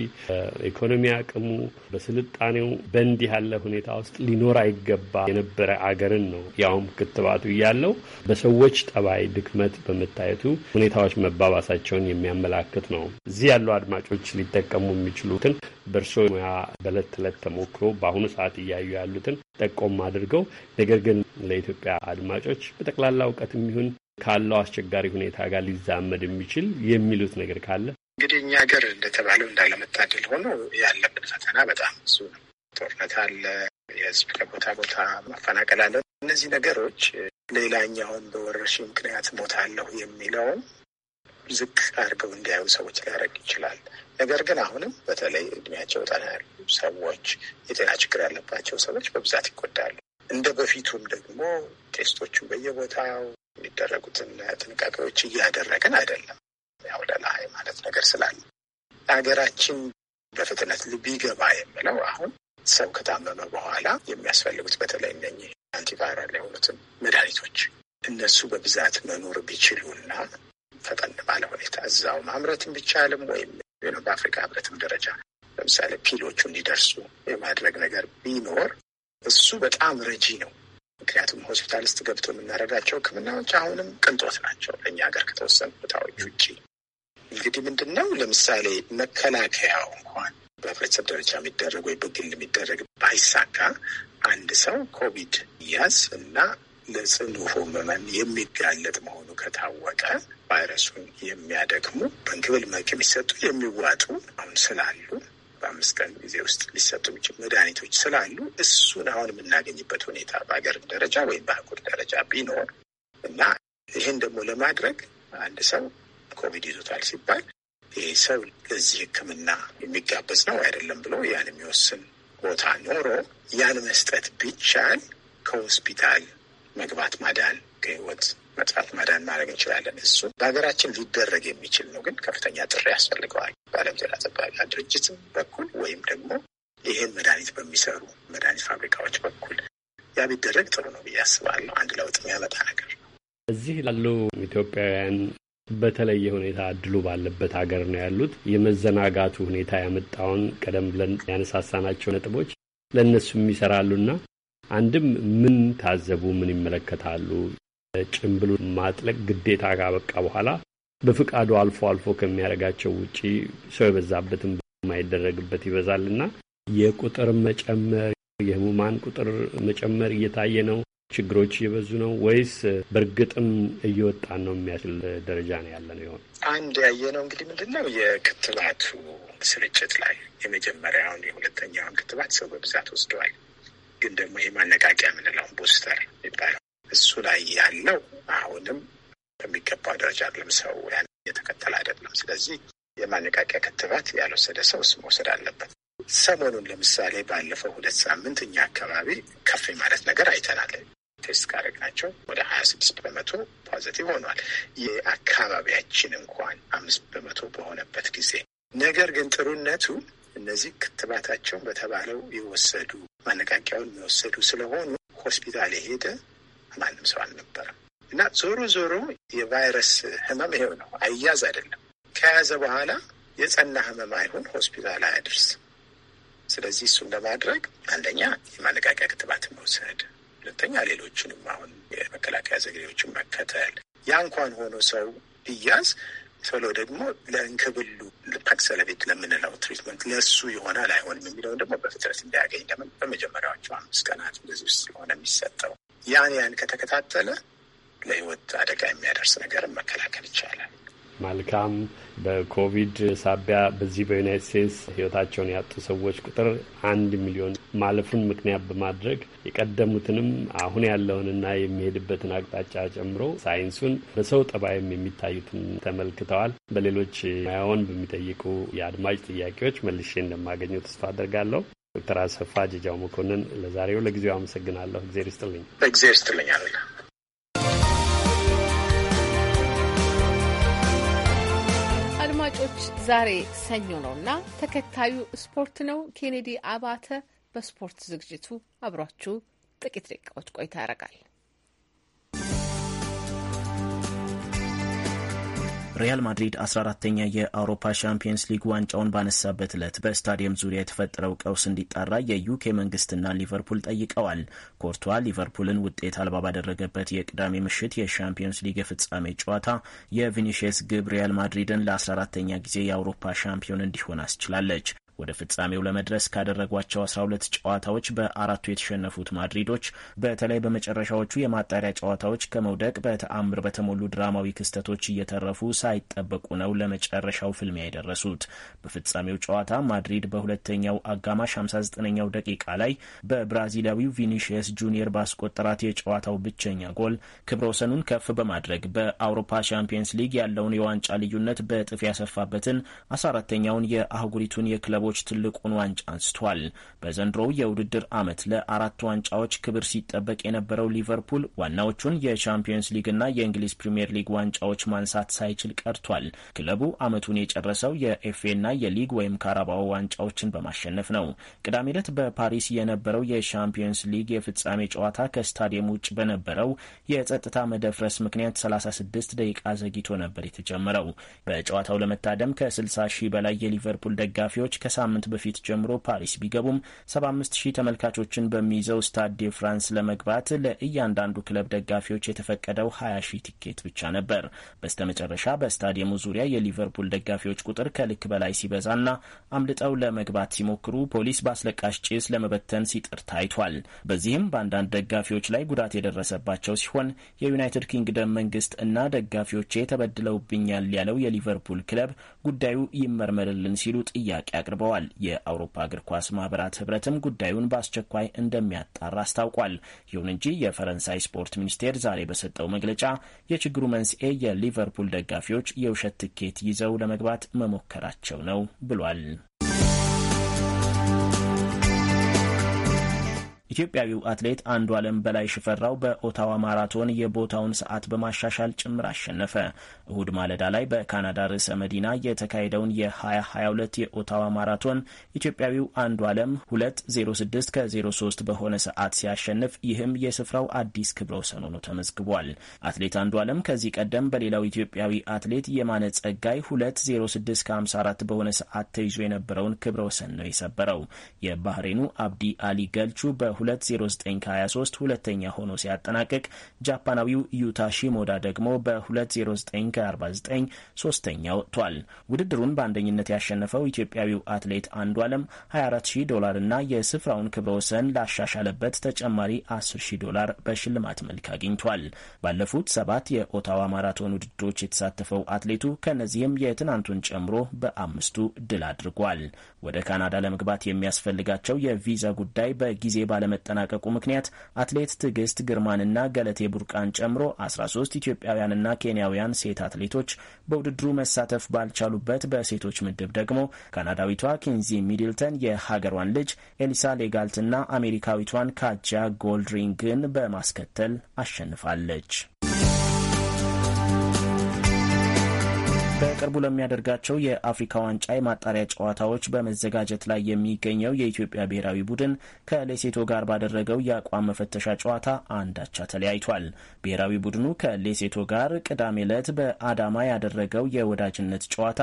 S7: ኢኮኖሚ አቅሙ በስልጣኔው በእንዲህ ያለ ሁኔታ ውስጥ ሊኖር አይገባ የነበረ አገርን ነው። ያውም ክትባቱ እያለው በሰዎች ጠባይ ድክመት በመታየቱ ሁኔታዎች መባባሳቸውን የሚያመላክት ነው። እዚህ ያሉ አድማጮች ሊጠቀሙ የሚችሉትን በእርሶ ሙያ በለት ተዕለት ተሞክሮ በአሁኑ ሰዓት እያዩ ያሉትን ጠቆም አድርገው ነገር ግን ለኢትዮጵያ አድማጮች በጠቅላላ እውቀት የሚሆን ካለው አስቸጋሪ ሁኔታ ጋር ሊዛመድ የሚችል የሚሉት ነገር ካለ
S6: እንግዲህ እኛ ሀገር እንደተባለው እንዳለመታደል ሆኖ ያለብን ፈተና በጣም ብዙ ነው። ጦርነት አለ፣ የህዝብ ከቦታ ቦታ መፈናቀል አለ። እነዚህ ነገሮች ሌላኛውን በወረርሽኝ ምክንያት ሞታለሁ የሚለውን ዝቅ አድርገው እንዲያዩ ሰዎች ሊያደርግ ይችላል። ነገር ግን አሁንም በተለይ እድሜያቸው ጠና ያሉ ሰዎች፣ የጤና ችግር ያለባቸው ሰዎች በብዛት ይጎዳሉ። እንደ በፊቱም ደግሞ ቴስቶቹ በየቦታው የሚደረጉትን ጥንቃቄዎች እያደረግን አይደለም። ያው ለላሀይ ማለት ነገር ስላለ ሀገራችን በፍጥነት ቢገባ የምለው አሁን ሰው ከታመመ በኋላ የሚያስፈልጉት በተለይ እነኚህ አንቲቫይራል የሆኑትን መድኃኒቶች እነሱ በብዛት መኖር ቢችሉና ፈጠን ባለ ሁኔታ እዛው ማምረትም ቢቻልም ወይም በአፍሪካ ህብረትም ደረጃ ለምሳሌ ፒሎቹ እንዲደርሱ የማድረግ ነገር ቢኖር እሱ በጣም ረጂ ነው። ምክንያቱም ሆስፒታል ውስጥ ገብቶ የምናደርጋቸው ሕክምናዎች አሁንም ቅንጦት ናቸው ለእኛ ሀገር ከተወሰኑ ቦታዎች ውጭ። እንግዲህ ምንድን ነው ለምሳሌ መከላከያው እንኳን በህብረተሰብ ደረጃ የሚደረግ ወይ በግል የሚደረግ ባይሳካ አንድ ሰው ኮቪድ ያዝ እና ለጽኑ ህመም የሚጋለጥ መሆኑ ከታወቀ ቫይረሱን የሚያደክሙ በእንክብል መልክ የሚሰጡ የሚዋጡ አሁን ስላሉ በአምስት ቀን ጊዜ ውስጥ ሊሰጡ የሚችሉ መድኃኒቶች ስላሉ እሱን አሁን የምናገኝበት ሁኔታ በሀገር ደረጃ ወይም በአህጉር ደረጃ ቢኖር እና ይህን ደግሞ ለማድረግ አንድ ሰው ኮቪድ ይዞታል ሲባል ይህ ሰው ለዚህ ሕክምና የሚጋበዝ ነው አይደለም ብሎ ያን የሚወስን ቦታ ኖሮ ያን መስጠት ቢቻል ከሆስፒታል መግባት ማዳን ከህይወት መጥፋት መዳን ማድረግ እንችላለን። እሱ በሀገራችን ሊደረግ የሚችል ነው፣ ግን ከፍተኛ ጥሪ ያስፈልገዋል በዓለም ጤና ጥበቃ ድርጅትም በኩል ወይም ደግሞ ይህን መድኃኒት በሚሰሩ መድኃኒት ፋብሪካዎች በኩል ያ ቢደረግ ጥሩ ነው ብዬ አስባለሁ። አንድ ለውጥ የሚያመጣ ነገር
S7: ነው። እዚህ ላሉ ኢትዮጵያውያን በተለየ ሁኔታ እድሉ ባለበት ሀገር ነው ያሉት። የመዘናጋቱ ሁኔታ ያመጣውን ቀደም ብለን ያነሳሳናቸው ነጥቦች ለእነሱም ይሰራሉና አንድም ምን ታዘቡ፣ ምን ይመለከታሉ፣ ጭምብሉ ማጥለቅ ግዴታ ካበቃ በኋላ በፍቃዱ አልፎ አልፎ ከሚያደርጋቸው ውጪ ሰው የበዛበትም የማይደረግበት ይበዛልና የቁጥር መጨመር የህሙማን ቁጥር መጨመር እየታየ ነው። ችግሮች እየበዙ ነው ወይስ በእርግጥም እየወጣን ነው የሚያስችል ደረጃ ነው ያለ ነው ይሆን?
S6: አንድ ያየ ነው እንግዲህ ምንድን ነው የክትባቱ ስርጭት ላይ የመጀመሪያውን የሁለተኛውን ክትባት ሰው በብዛት ወስደዋል። ግን ደግሞ ይሄ ማነቃቂያ የምንለውን ቦስተር ይባላል እሱ ላይ ያለው አሁንም በሚገባው ደረጃ አይደለም። ሰው ያን እየተከተለ አይደለም። ስለዚህ የማነቃቂያ ክትባት ያልወሰደ ሰው እሱ መውሰድ አለበት። ሰሞኑን ለምሳሌ ባለፈው ሁለት ሳምንት እኛ አካባቢ ከፍ ማለት ነገር አይተናል። ቴስት ካደረግናቸው ወደ ሀያ ስድስት በመቶ ፖዘቲቭ ሆኗል። የአካባቢያችን እንኳን አምስት በመቶ በሆነበት ጊዜ ነገር ግን ጥሩነቱ እነዚህ ክትባታቸውን በተባለው የወሰዱ ማነቃቂያውን የወሰዱ ስለሆኑ ሆስፒታል የሄደ ማንም ሰው አልነበረም እና ዞሮ ዞሮ የቫይረስ ህመም ይሄው ነው። አያዝ አይደለም ከያዘ በኋላ የጸና ህመም አይሁን፣ ሆስፒታል አያድርስ። ስለዚህ እሱን ለማድረግ አንደኛ የማነቃቂያ ክትባት መውሰድ፣ ሁለተኛ ሌሎችንም አሁን የመከላከያ ዘዴዎችን መከተል። ያ እንኳን ሆኖ ሰው ቢያዝ ቶሎ ደግሞ ለእንክብሉ ፓክሰለቤት ለምንለው ትሪትመንት ለሱ ይሆናል አይሆንም የሚለውን ደግሞ በፍጥነት እንዲያገኝ ለምን በመጀመሪያዎቹ አምስት ቀናት እንደዚህ ውስጥ ስለሆነ የሚሰጠው ያን ያን ከተከታተለ ለህይወት አደጋ የሚያደርስ ነገርን መከላከል ይቻላል።
S7: መልካም። በኮቪድ ሳቢያ በዚህ በዩናይት ስቴትስ ህይወታቸውን ያጡ ሰዎች ቁጥር አንድ ሚሊዮን ማለፉን ምክንያት በማድረግ የቀደሙትንም አሁን ያለውንና የሚሄድበትን አቅጣጫ ጨምሮ ሳይንሱን በሰው ጠባይም የሚታዩትን ተመልክተዋል። በሌሎች ሙያውን በሚጠይቁ የአድማጭ ጥያቄዎች መልሼ እንደማገኘው ተስፋ አድርጋለሁ። ዶክተር አሰፋ ጀጃው መኮንን ለዛሬው ለጊዜው አመሰግናለሁ። እግዜር ይስጥልኝ።
S6: እግዜር ይስጥልኝ እግዜር ይስጥልኝ አለ
S1: አድማጮች ዛሬ ሰኞ ነውና ተከታዩ ስፖርት ነው። ኬኔዲ አባተ በስፖርት ዝግጅቱ አብሯችሁ ጥቂት ደቂቃዎች ቆይታ ያደርጋል።
S2: ሪያል ማድሪድ 14ተኛ የአውሮፓ ሻምፒየንስ ሊግ ዋንጫውን ባነሳበት ዕለት በስታዲየም ዙሪያ የተፈጠረው ቀውስ እንዲጣራ የዩኬ መንግስትና ሊቨርፑል ጠይቀዋል። ኮርቷ ሊቨርፑልን ውጤት አልባ ባደረገበት የቅዳሜ ምሽት የሻምፒየንስ ሊግ የፍጻሜ ጨዋታ የቪኒሽስ ግብ ሪያል ማድሪድን ለ14ተኛ ጊዜ የአውሮፓ ሻምፒዮን እንዲሆን አስችላለች። ወደ ፍጻሜው ለመድረስ ካደረጓቸው 12 ጨዋታዎች በአራቱ የተሸነፉት ማድሪዶች በተለይ በመጨረሻዎቹ የማጣሪያ ጨዋታዎች ከመውደቅ በተአምር በተሞሉ ድራማዊ ክስተቶች እየተረፉ ሳይጠበቁ ነው ለመጨረሻው ፍልሚያ የደረሱት። በፍጻሜው ጨዋታ ማድሪድ በሁለተኛው አጋማሽ 59ኛው ደቂቃ ላይ በብራዚላዊው ቪኒሽየስ ጁኒየር ባስቆጠራት የጨዋታው ብቸኛ ጎል ክብረ ወሰኑን ከፍ በማድረግ በአውሮፓ ሻምፒየንስ ሊግ ያለውን የዋንጫ ልዩነት በእጥፍ ያሰፋበትን 14ተኛውን የአህጉሪቱን የክለቦች ክለቦች ትልቁን ዋንጫ አንስቷል። በዘንድሮው የውድድር ዓመት ለአራት ዋንጫዎች ክብር ሲጠበቅ የነበረው ሊቨርፑል ዋናዎቹን የቻምፒየንስ ሊግና የእንግሊዝ ፕሪምየር ሊግ ዋንጫዎች ማንሳት ሳይችል ቀርቷል። ክለቡ ዓመቱን የጨረሰው የኤፍኤና የሊግ ወይም ካራባኦ ዋንጫዎችን በማሸነፍ ነው። ቅዳሜ ዕለት በፓሪስ የነበረው የቻምፒየንስ ሊግ የፍጻሜ ጨዋታ ከስታዲየም ውጭ በነበረው የጸጥታ መደፍረስ ምክንያት 36 ደቂቃ ዘግይቶ ነበር የተጀመረው። በጨዋታው ለመታደም ከ60 ሺህ በላይ የሊቨርፑል ደጋፊዎች ከ ከሳምንት በፊት ጀምሮ ፓሪስ ቢገቡም 75000 ተመልካቾችን በሚይዘው ስታድ ዴ ፍራንስ ለመግባት ለእያንዳንዱ ክለብ ደጋፊዎች የተፈቀደው ሺህ ቲኬት ብቻ ነበር። በስተመጨረሻ በስታዲየሙ ዙሪያ የሊቨርፑል ደጋፊዎች ቁጥር ከልክ በላይ ሲበዛና አምልጠው ለመግባት ሲሞክሩ ፖሊስ በአስለቃሽ ጭስ ለመበተን ሲጥር ታይቷል። በዚህም በአንዳንድ ደጋፊዎች ላይ ጉዳት የደረሰባቸው ሲሆን የዩናይትድ ኪንግደም መንግስት እና ደጋፊዎቼ ተበድለውብኛል ያለው የሊቨርፑል ክለብ ጉዳዩ ይመርመርልን ሲሉ ጥያቄ አቅርበዋል። አቅርበዋል። የአውሮፓ እግር ኳስ ማህበራት ህብረትም ጉዳዩን በአስቸኳይ እንደሚያጣራ አስታውቋል። ይሁን እንጂ የፈረንሳይ ስፖርት ሚኒስቴር ዛሬ በሰጠው መግለጫ የችግሩ መንስኤ የሊቨርፑል ደጋፊዎች የውሸት ትኬት ይዘው ለመግባት መሞከራቸው ነው ብሏል። ኢትዮጵያዊው አትሌት አንዱ አለም በላይ ሽፈራው በኦታዋ ማራቶን የቦታውን ሰዓት በማሻሻል ጭምር አሸነፈ። እሁድ ማለዳ ላይ በካናዳ ርዕሰ መዲና የተካሄደውን የ2022 የኦታዋ ማራቶን ኢትዮጵያዊው አንዱ አለም 206 ከ03 በሆነ ሰዓት ሲያሸንፍ ይህም የስፍራው አዲስ ክብረ ወሰን ሆኖ ተመዝግቧል። አትሌት አንዱ አለም ከዚህ ቀደም በሌላው ኢትዮጵያዊ አትሌት የማነ ጸጋይ 206 ከ54 በሆነ ሰዓት ተይዞ የነበረውን ክብረ ወሰን ነው የሰበረው። የባህሬኑ አብዲ አሊ ገልቹ በ በ ሁለተኛ ሆኖ ሲያጠናቅቅ ጃፓናዊው ዩታ ሺሞዳ ደግሞ በ20949 ሶስተኛ ወጥቷል። ውድድሩን በአንደኝነት ያሸነፈው ኢትዮጵያዊው አትሌት አንዱ ዓለም 240 ዶላር ና የስፍራውን ክብረ ወሰን ላሻሻለበት ተጨማሪ 10000 ዶላር በሽልማት መልክ አግኝቷል። ባለፉት ሰባት የኦታዋ ማራቶን ውድድሮች የተሳተፈው አትሌቱ ከእነዚህም የትናንቱን ጨምሮ በአምስቱ ድል አድርጓል። ወደ ካናዳ ለመግባት የሚያስፈልጋቸው የቪዛ ጉዳይ በጊዜ ባለ ባለመጠናቀቁ ምክንያት አትሌት ትዕግስት ግርማንና ገለቴ ቡርቃን ጨምሮ 13 ኢትዮጵያውያንና ኬንያውያን ሴት አትሌቶች በውድድሩ መሳተፍ ባልቻሉበት በሴቶች ምድብ ደግሞ ካናዳዊቷ ኪንዚ ሚድልተን የሀገሯን ልጅ ኤሊሳ ሌጋልትና አሜሪካዊቷን ካጃ ጎልድሪንግን በማስከተል አሸንፋለች። በቅርቡ ለሚያደርጋቸው የአፍሪካ ዋንጫ የማጣሪያ ጨዋታዎች በመዘጋጀት ላይ የሚገኘው የኢትዮጵያ ብሔራዊ ቡድን ከሌሴቶ ጋር ባደረገው የአቋም መፈተሻ ጨዋታ አንዳቻ ተለያይቷል። ብሔራዊ ቡድኑ ከሌሴቶ ጋር ቅዳሜ ዕለት በአዳማ ያደረገው የወዳጅነት ጨዋታ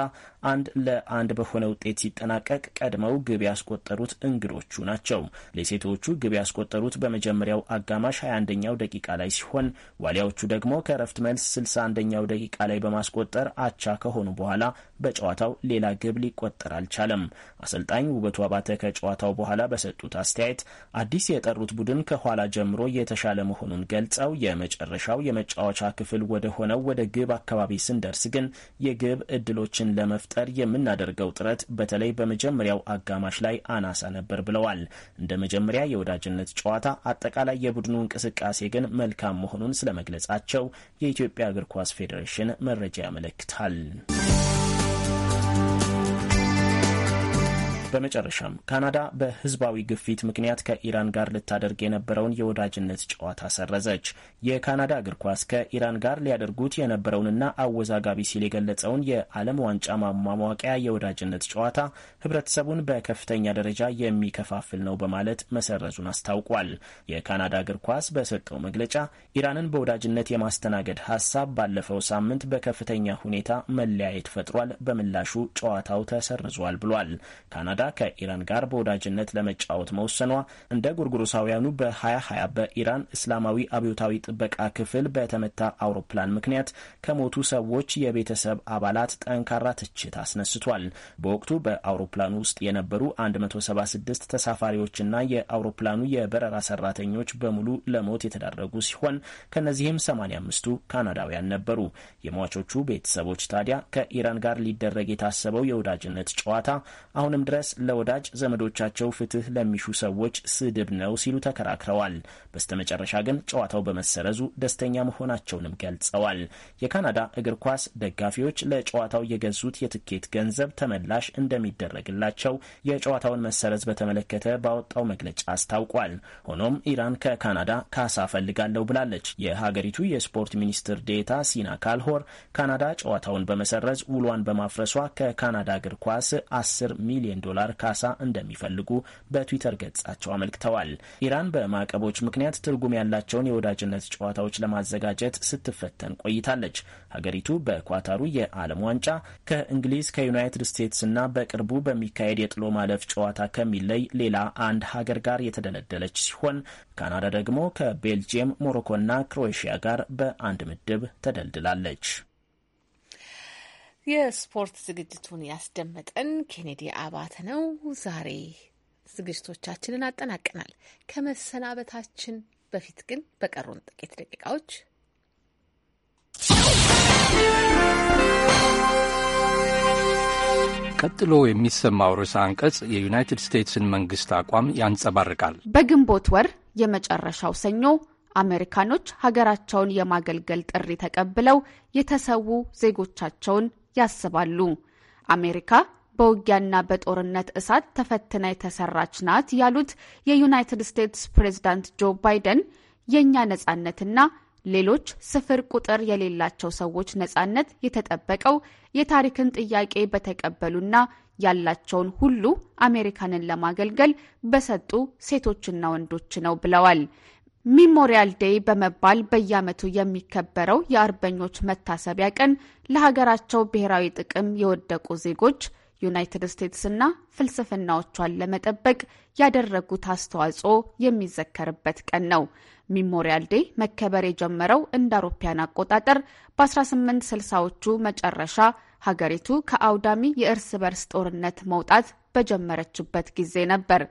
S2: አንድ ለአንድ በሆነ ውጤት ሲጠናቀቅ ቀድመው ግብ ያስቆጠሩት እንግዶቹ ናቸው። ለሴቶቹ ግብ ያስቆጠሩት በመጀመሪያው አጋማሽ 21ኛው ደቂቃ ላይ ሲሆን ዋሊያዎቹ ደግሞ ከረፍት መልስ 61ኛው ደቂቃ ላይ በማስቆጠር አቻ ከሆኑ በኋላ በጨዋታው ሌላ ግብ ሊቆጠር አልቻለም። አሰልጣኝ ውበቱ አባተ ከጨዋታው በኋላ በሰጡት አስተያየት አዲስ የጠሩት ቡድን ከኋላ ጀምሮ የተሻለ መሆኑን ገልጸው የመጨረሻው የመጫወቻ ክፍል ወደ ሆነው ወደ ግብ አካባቢ ስንደርስ ግን የግብ እድሎችን ለመፍጠር ለመፍጠር የምናደርገው ጥረት በተለይ በመጀመሪያው አጋማሽ ላይ አናሳ ነበር ብለዋል። እንደ መጀመሪያ የወዳጅነት ጨዋታ አጠቃላይ የቡድኑ እንቅስቃሴ ግን መልካም መሆኑን ስለመግለጻቸው የኢትዮጵያ እግር ኳስ ፌዴሬሽን መረጃ ያመለክታል። በመጨረሻም ካናዳ በህዝባዊ ግፊት ምክንያት ከኢራን ጋር ልታደርግ የነበረውን የወዳጅነት ጨዋታ ሰረዘች። የካናዳ እግር ኳስ ከኢራን ጋር ሊያደርጉት የነበረውንና አወዛጋቢ ሲል የገለጸውን የዓለም ዋንጫ ማሟሟቂያ የወዳጅነት ጨዋታ ህብረተሰቡን በከፍተኛ ደረጃ የሚከፋፍል ነው በማለት መሰረዙን አስታውቋል። የካናዳ እግር ኳስ በሰጠው መግለጫ ኢራንን በወዳጅነት የማስተናገድ ሀሳብ ባለፈው ሳምንት በከፍተኛ ሁኔታ መለያየት ፈጥሯል፣ በምላሹ ጨዋታው ተሰርዟል ብሏል። ካናዳ ከኢራን ጋር በወዳጅነት ለመጫወት መወሰኗ እንደ ጉርጉሮሳውያኑ በ2020 በኢራን እስላማዊ አብዮታዊ ጥበቃ ክፍል በተመታ አውሮፕላን ምክንያት ከሞቱ ሰዎች የቤተሰብ አባላት ጠንካራ ትችት አስነስቷል። በወቅቱ በአውሮፕላኑ ውስጥ የነበሩ 176 ተሳፋሪዎችና የአውሮፕላኑ የበረራ ሰራተኞች በሙሉ ለሞት የተዳረጉ ሲሆን ከእነዚህም 85ቱ ካናዳውያን ነበሩ። የሟቾቹ ቤተሰቦች ታዲያ ከኢራን ጋር ሊደረግ የታሰበው የወዳጅነት ጨዋታ አሁንም ድረስ መግለጽ ለወዳጅ ዘመዶቻቸው ፍትህ ለሚሹ ሰዎች ስድብ ነው ሲሉ ተከራክረዋል። በስተመጨረሻ ግን ጨዋታው በመሰረዙ ደስተኛ መሆናቸውንም ገልጸዋል። የካናዳ እግር ኳስ ደጋፊዎች ለጨዋታው የገዙት የትኬት ገንዘብ ተመላሽ እንደሚደረግላቸው የጨዋታውን መሰረዝ በተመለከተ ባወጣው መግለጫ አስታውቋል። ሆኖም ኢራን ከካናዳ ካሳ ፈልጋለሁ ብላለች። የሀገሪቱ የስፖርት ሚኒስትር ዴታ ሲና ካልሆር ካናዳ ጨዋታውን በመሰረዝ ውሏን በማፍረሷ ከካናዳ እግር ኳስ 10 ሚሊዮን ዶላር ዶላር ካሳ እንደሚፈልጉ በትዊተር ገጻቸው አመልክተዋል። ኢራን በማዕቀቦች ምክንያት ትርጉም ያላቸውን የወዳጅነት ጨዋታዎች ለማዘጋጀት ስትፈተን ቆይታለች። ሀገሪቱ በኳታሩ የዓለም ዋንጫ ከእንግሊዝ ከዩናይትድ እና በቅርቡ በሚካሄድ የጥሎ ማለፍ ጨዋታ ከሚለይ ሌላ አንድ ሀገር ጋር የተደለደለች ሲሆን ካናዳ ደግሞ ከቤልጅየም ሞሮኮና ክሮኤሽያ ጋር በአንድ ምድብ ተደልድላለች።
S1: የስፖርት ዝግጅቱን ያስደመጠን ኬኔዲ አባተ ነው። ዛሬ ዝግጅቶቻችንን አጠናቀናል። ከመሰናበታችን በፊት ግን በቀሩን ጥቂት ደቂቃዎች
S10: ቀጥሎ የሚሰማው ርዕሰ አንቀጽ የዩናይትድ ስቴትስን መንግስት አቋም ያንጸባርቃል።
S11: በግንቦት ወር የመጨረሻው ሰኞ አሜሪካኖች ሀገራቸውን የማገልገል ጥሪ ተቀብለው የተሰዉ ዜጎቻቸውን ያስባሉ። አሜሪካ በውጊያና በጦርነት እሳት ተፈትና የተሰራች ናት ያሉት የዩናይትድ ስቴትስ ፕሬዝዳንት ጆ ባይደን የእኛ ነጻነትና ሌሎች ስፍር ቁጥር የሌላቸው ሰዎች ነጻነት የተጠበቀው የታሪክን ጥያቄ በተቀበሉና ያላቸውን ሁሉ አሜሪካንን ለማገልገል በሰጡ ሴቶችና ወንዶች ነው ብለዋል። ሚሞሪያል ዴይ በመባል በየዓመቱ የሚከበረው የአርበኞች መታሰቢያ ቀን ለሀገራቸው ብሔራዊ ጥቅም የወደቁ ዜጎች ዩናይትድ ስቴትስና ፍልስፍናዎቿን ለመጠበቅ ያደረጉት አስተዋጽኦ የሚዘከርበት ቀን ነው። ሚሞሪያል ዴይ መከበር የጀመረው እንደ አውሮፓያን አቆጣጠር በ1860ዎቹ መጨረሻ ሀገሪቱ ከአውዳሚ የእርስ በርስ ጦርነት መውጣት በጀመረችበት ጊዜ ነበር።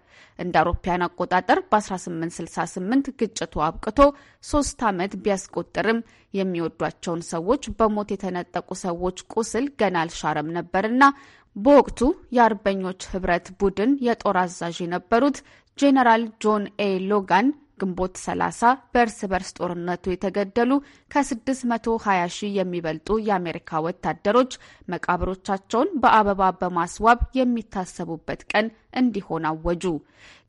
S11: እንደ አውሮፓውያን አቆጣጠር በ1868 ግጭቱ አብቅቶ ሶስት ዓመት ቢያስቆጥርም የሚወዷቸውን ሰዎች በሞት የተነጠቁ ሰዎች ቁስል ገና አልሻረም ነበርና በወቅቱ የአርበኞች ህብረት ቡድን የጦር አዛዥ የነበሩት ጄኔራል ጆን ኤ ሎጋን ግንቦት 30 በእርስ በርስ ጦርነቱ የተገደሉ ከ620 ሺህ የሚበልጡ የአሜሪካ ወታደሮች መቃብሮቻቸውን በአበባ በማስዋብ የሚታሰቡበት ቀን እንዲሆን አወጁ።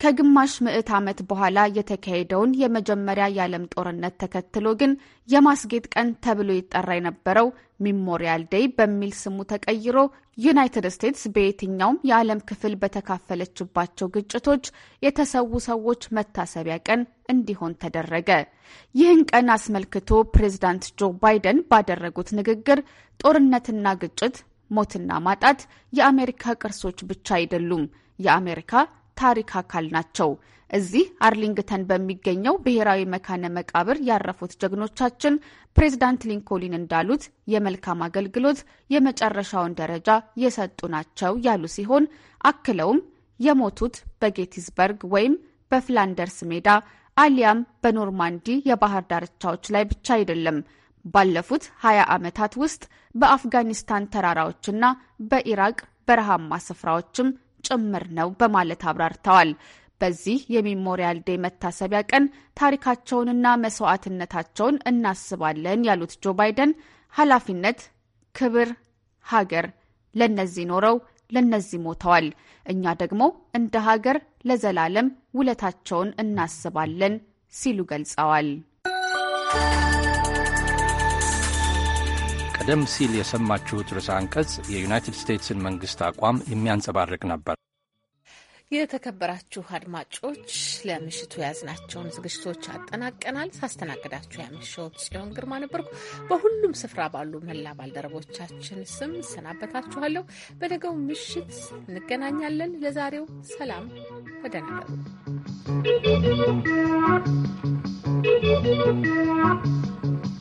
S11: ከግማሽ ምዕት ዓመት በኋላ የተካሄደውን የመጀመሪያ የዓለም ጦርነት ተከትሎ ግን የማስጌጥ ቀን ተብሎ ይጠራ የነበረው ሚሞሪያል ዴይ በሚል ስሙ ተቀይሮ ዩናይትድ ስቴትስ በየትኛውም የዓለም ክፍል በተካፈለችባቸው ግጭቶች የተሰዉ ሰዎች መታሰቢያ ቀን እንዲሆን ተደረገ። ይህን ቀን አስመልክቶ ፕሬዚዳንት ጆ ባይደን ባደረጉት ንግግር ጦርነትና ግጭት ሞትና ማጣት የአሜሪካ ቅርሶች ብቻ አይደሉም፣ የአሜሪካ ታሪክ አካል ናቸው። እዚህ አርሊንግተን በሚገኘው ብሔራዊ መካነ መቃብር ያረፉት ጀግኖቻችን ፕሬዝዳንት ሊንኮሊን እንዳሉት የመልካም አገልግሎት የመጨረሻውን ደረጃ የሰጡ ናቸው ያሉ ሲሆን አክለውም የሞቱት በጌቲስበርግ ወይም በፍላንደርስ ሜዳ አሊያም በኖርማንዲ የባህር ዳርቻዎች ላይ ብቻ አይደለም ባለፉት 20 ዓመታት ውስጥ በአፍጋኒስታን ተራራዎችና በኢራቅ በረሃማ ስፍራዎችም ጭምር ነው በማለት አብራርተዋል። በዚህ የሜሞሪያል ዴይ መታሰቢያ ቀን ታሪካቸውንና መስዋዕትነታቸውን እናስባለን ያሉት ጆ ባይደን ኃላፊነት፣ ክብር፣ ሀገር ለነዚህ ኖረው ለነዚህ ሞተዋል፣ እኛ ደግሞ እንደ ሀገር ለዘላለም ውለታቸውን እናስባለን ሲሉ ገልጸዋል።
S10: ቀደም ሲል የሰማችሁት ርዕሰ አንቀጽ የዩናይትድ ስቴትስን መንግስት አቋም የሚያንጸባርቅ ነበር።
S1: የተከበራችሁ አድማጮች ለምሽቱ የያዝናቸውን ዝግጅቶች አጠናቀናል። ሳስተናግዳችሁ ያመሸሁት ጽዮን ግርማ ነበርኩ። በሁሉም ስፍራ ባሉ መላ ባልደረቦቻችን ስም ሰናበታችኋለሁ። በነገው ምሽት እንገናኛለን። ለዛሬው ሰላም፣ በደህና
S2: እደሩ።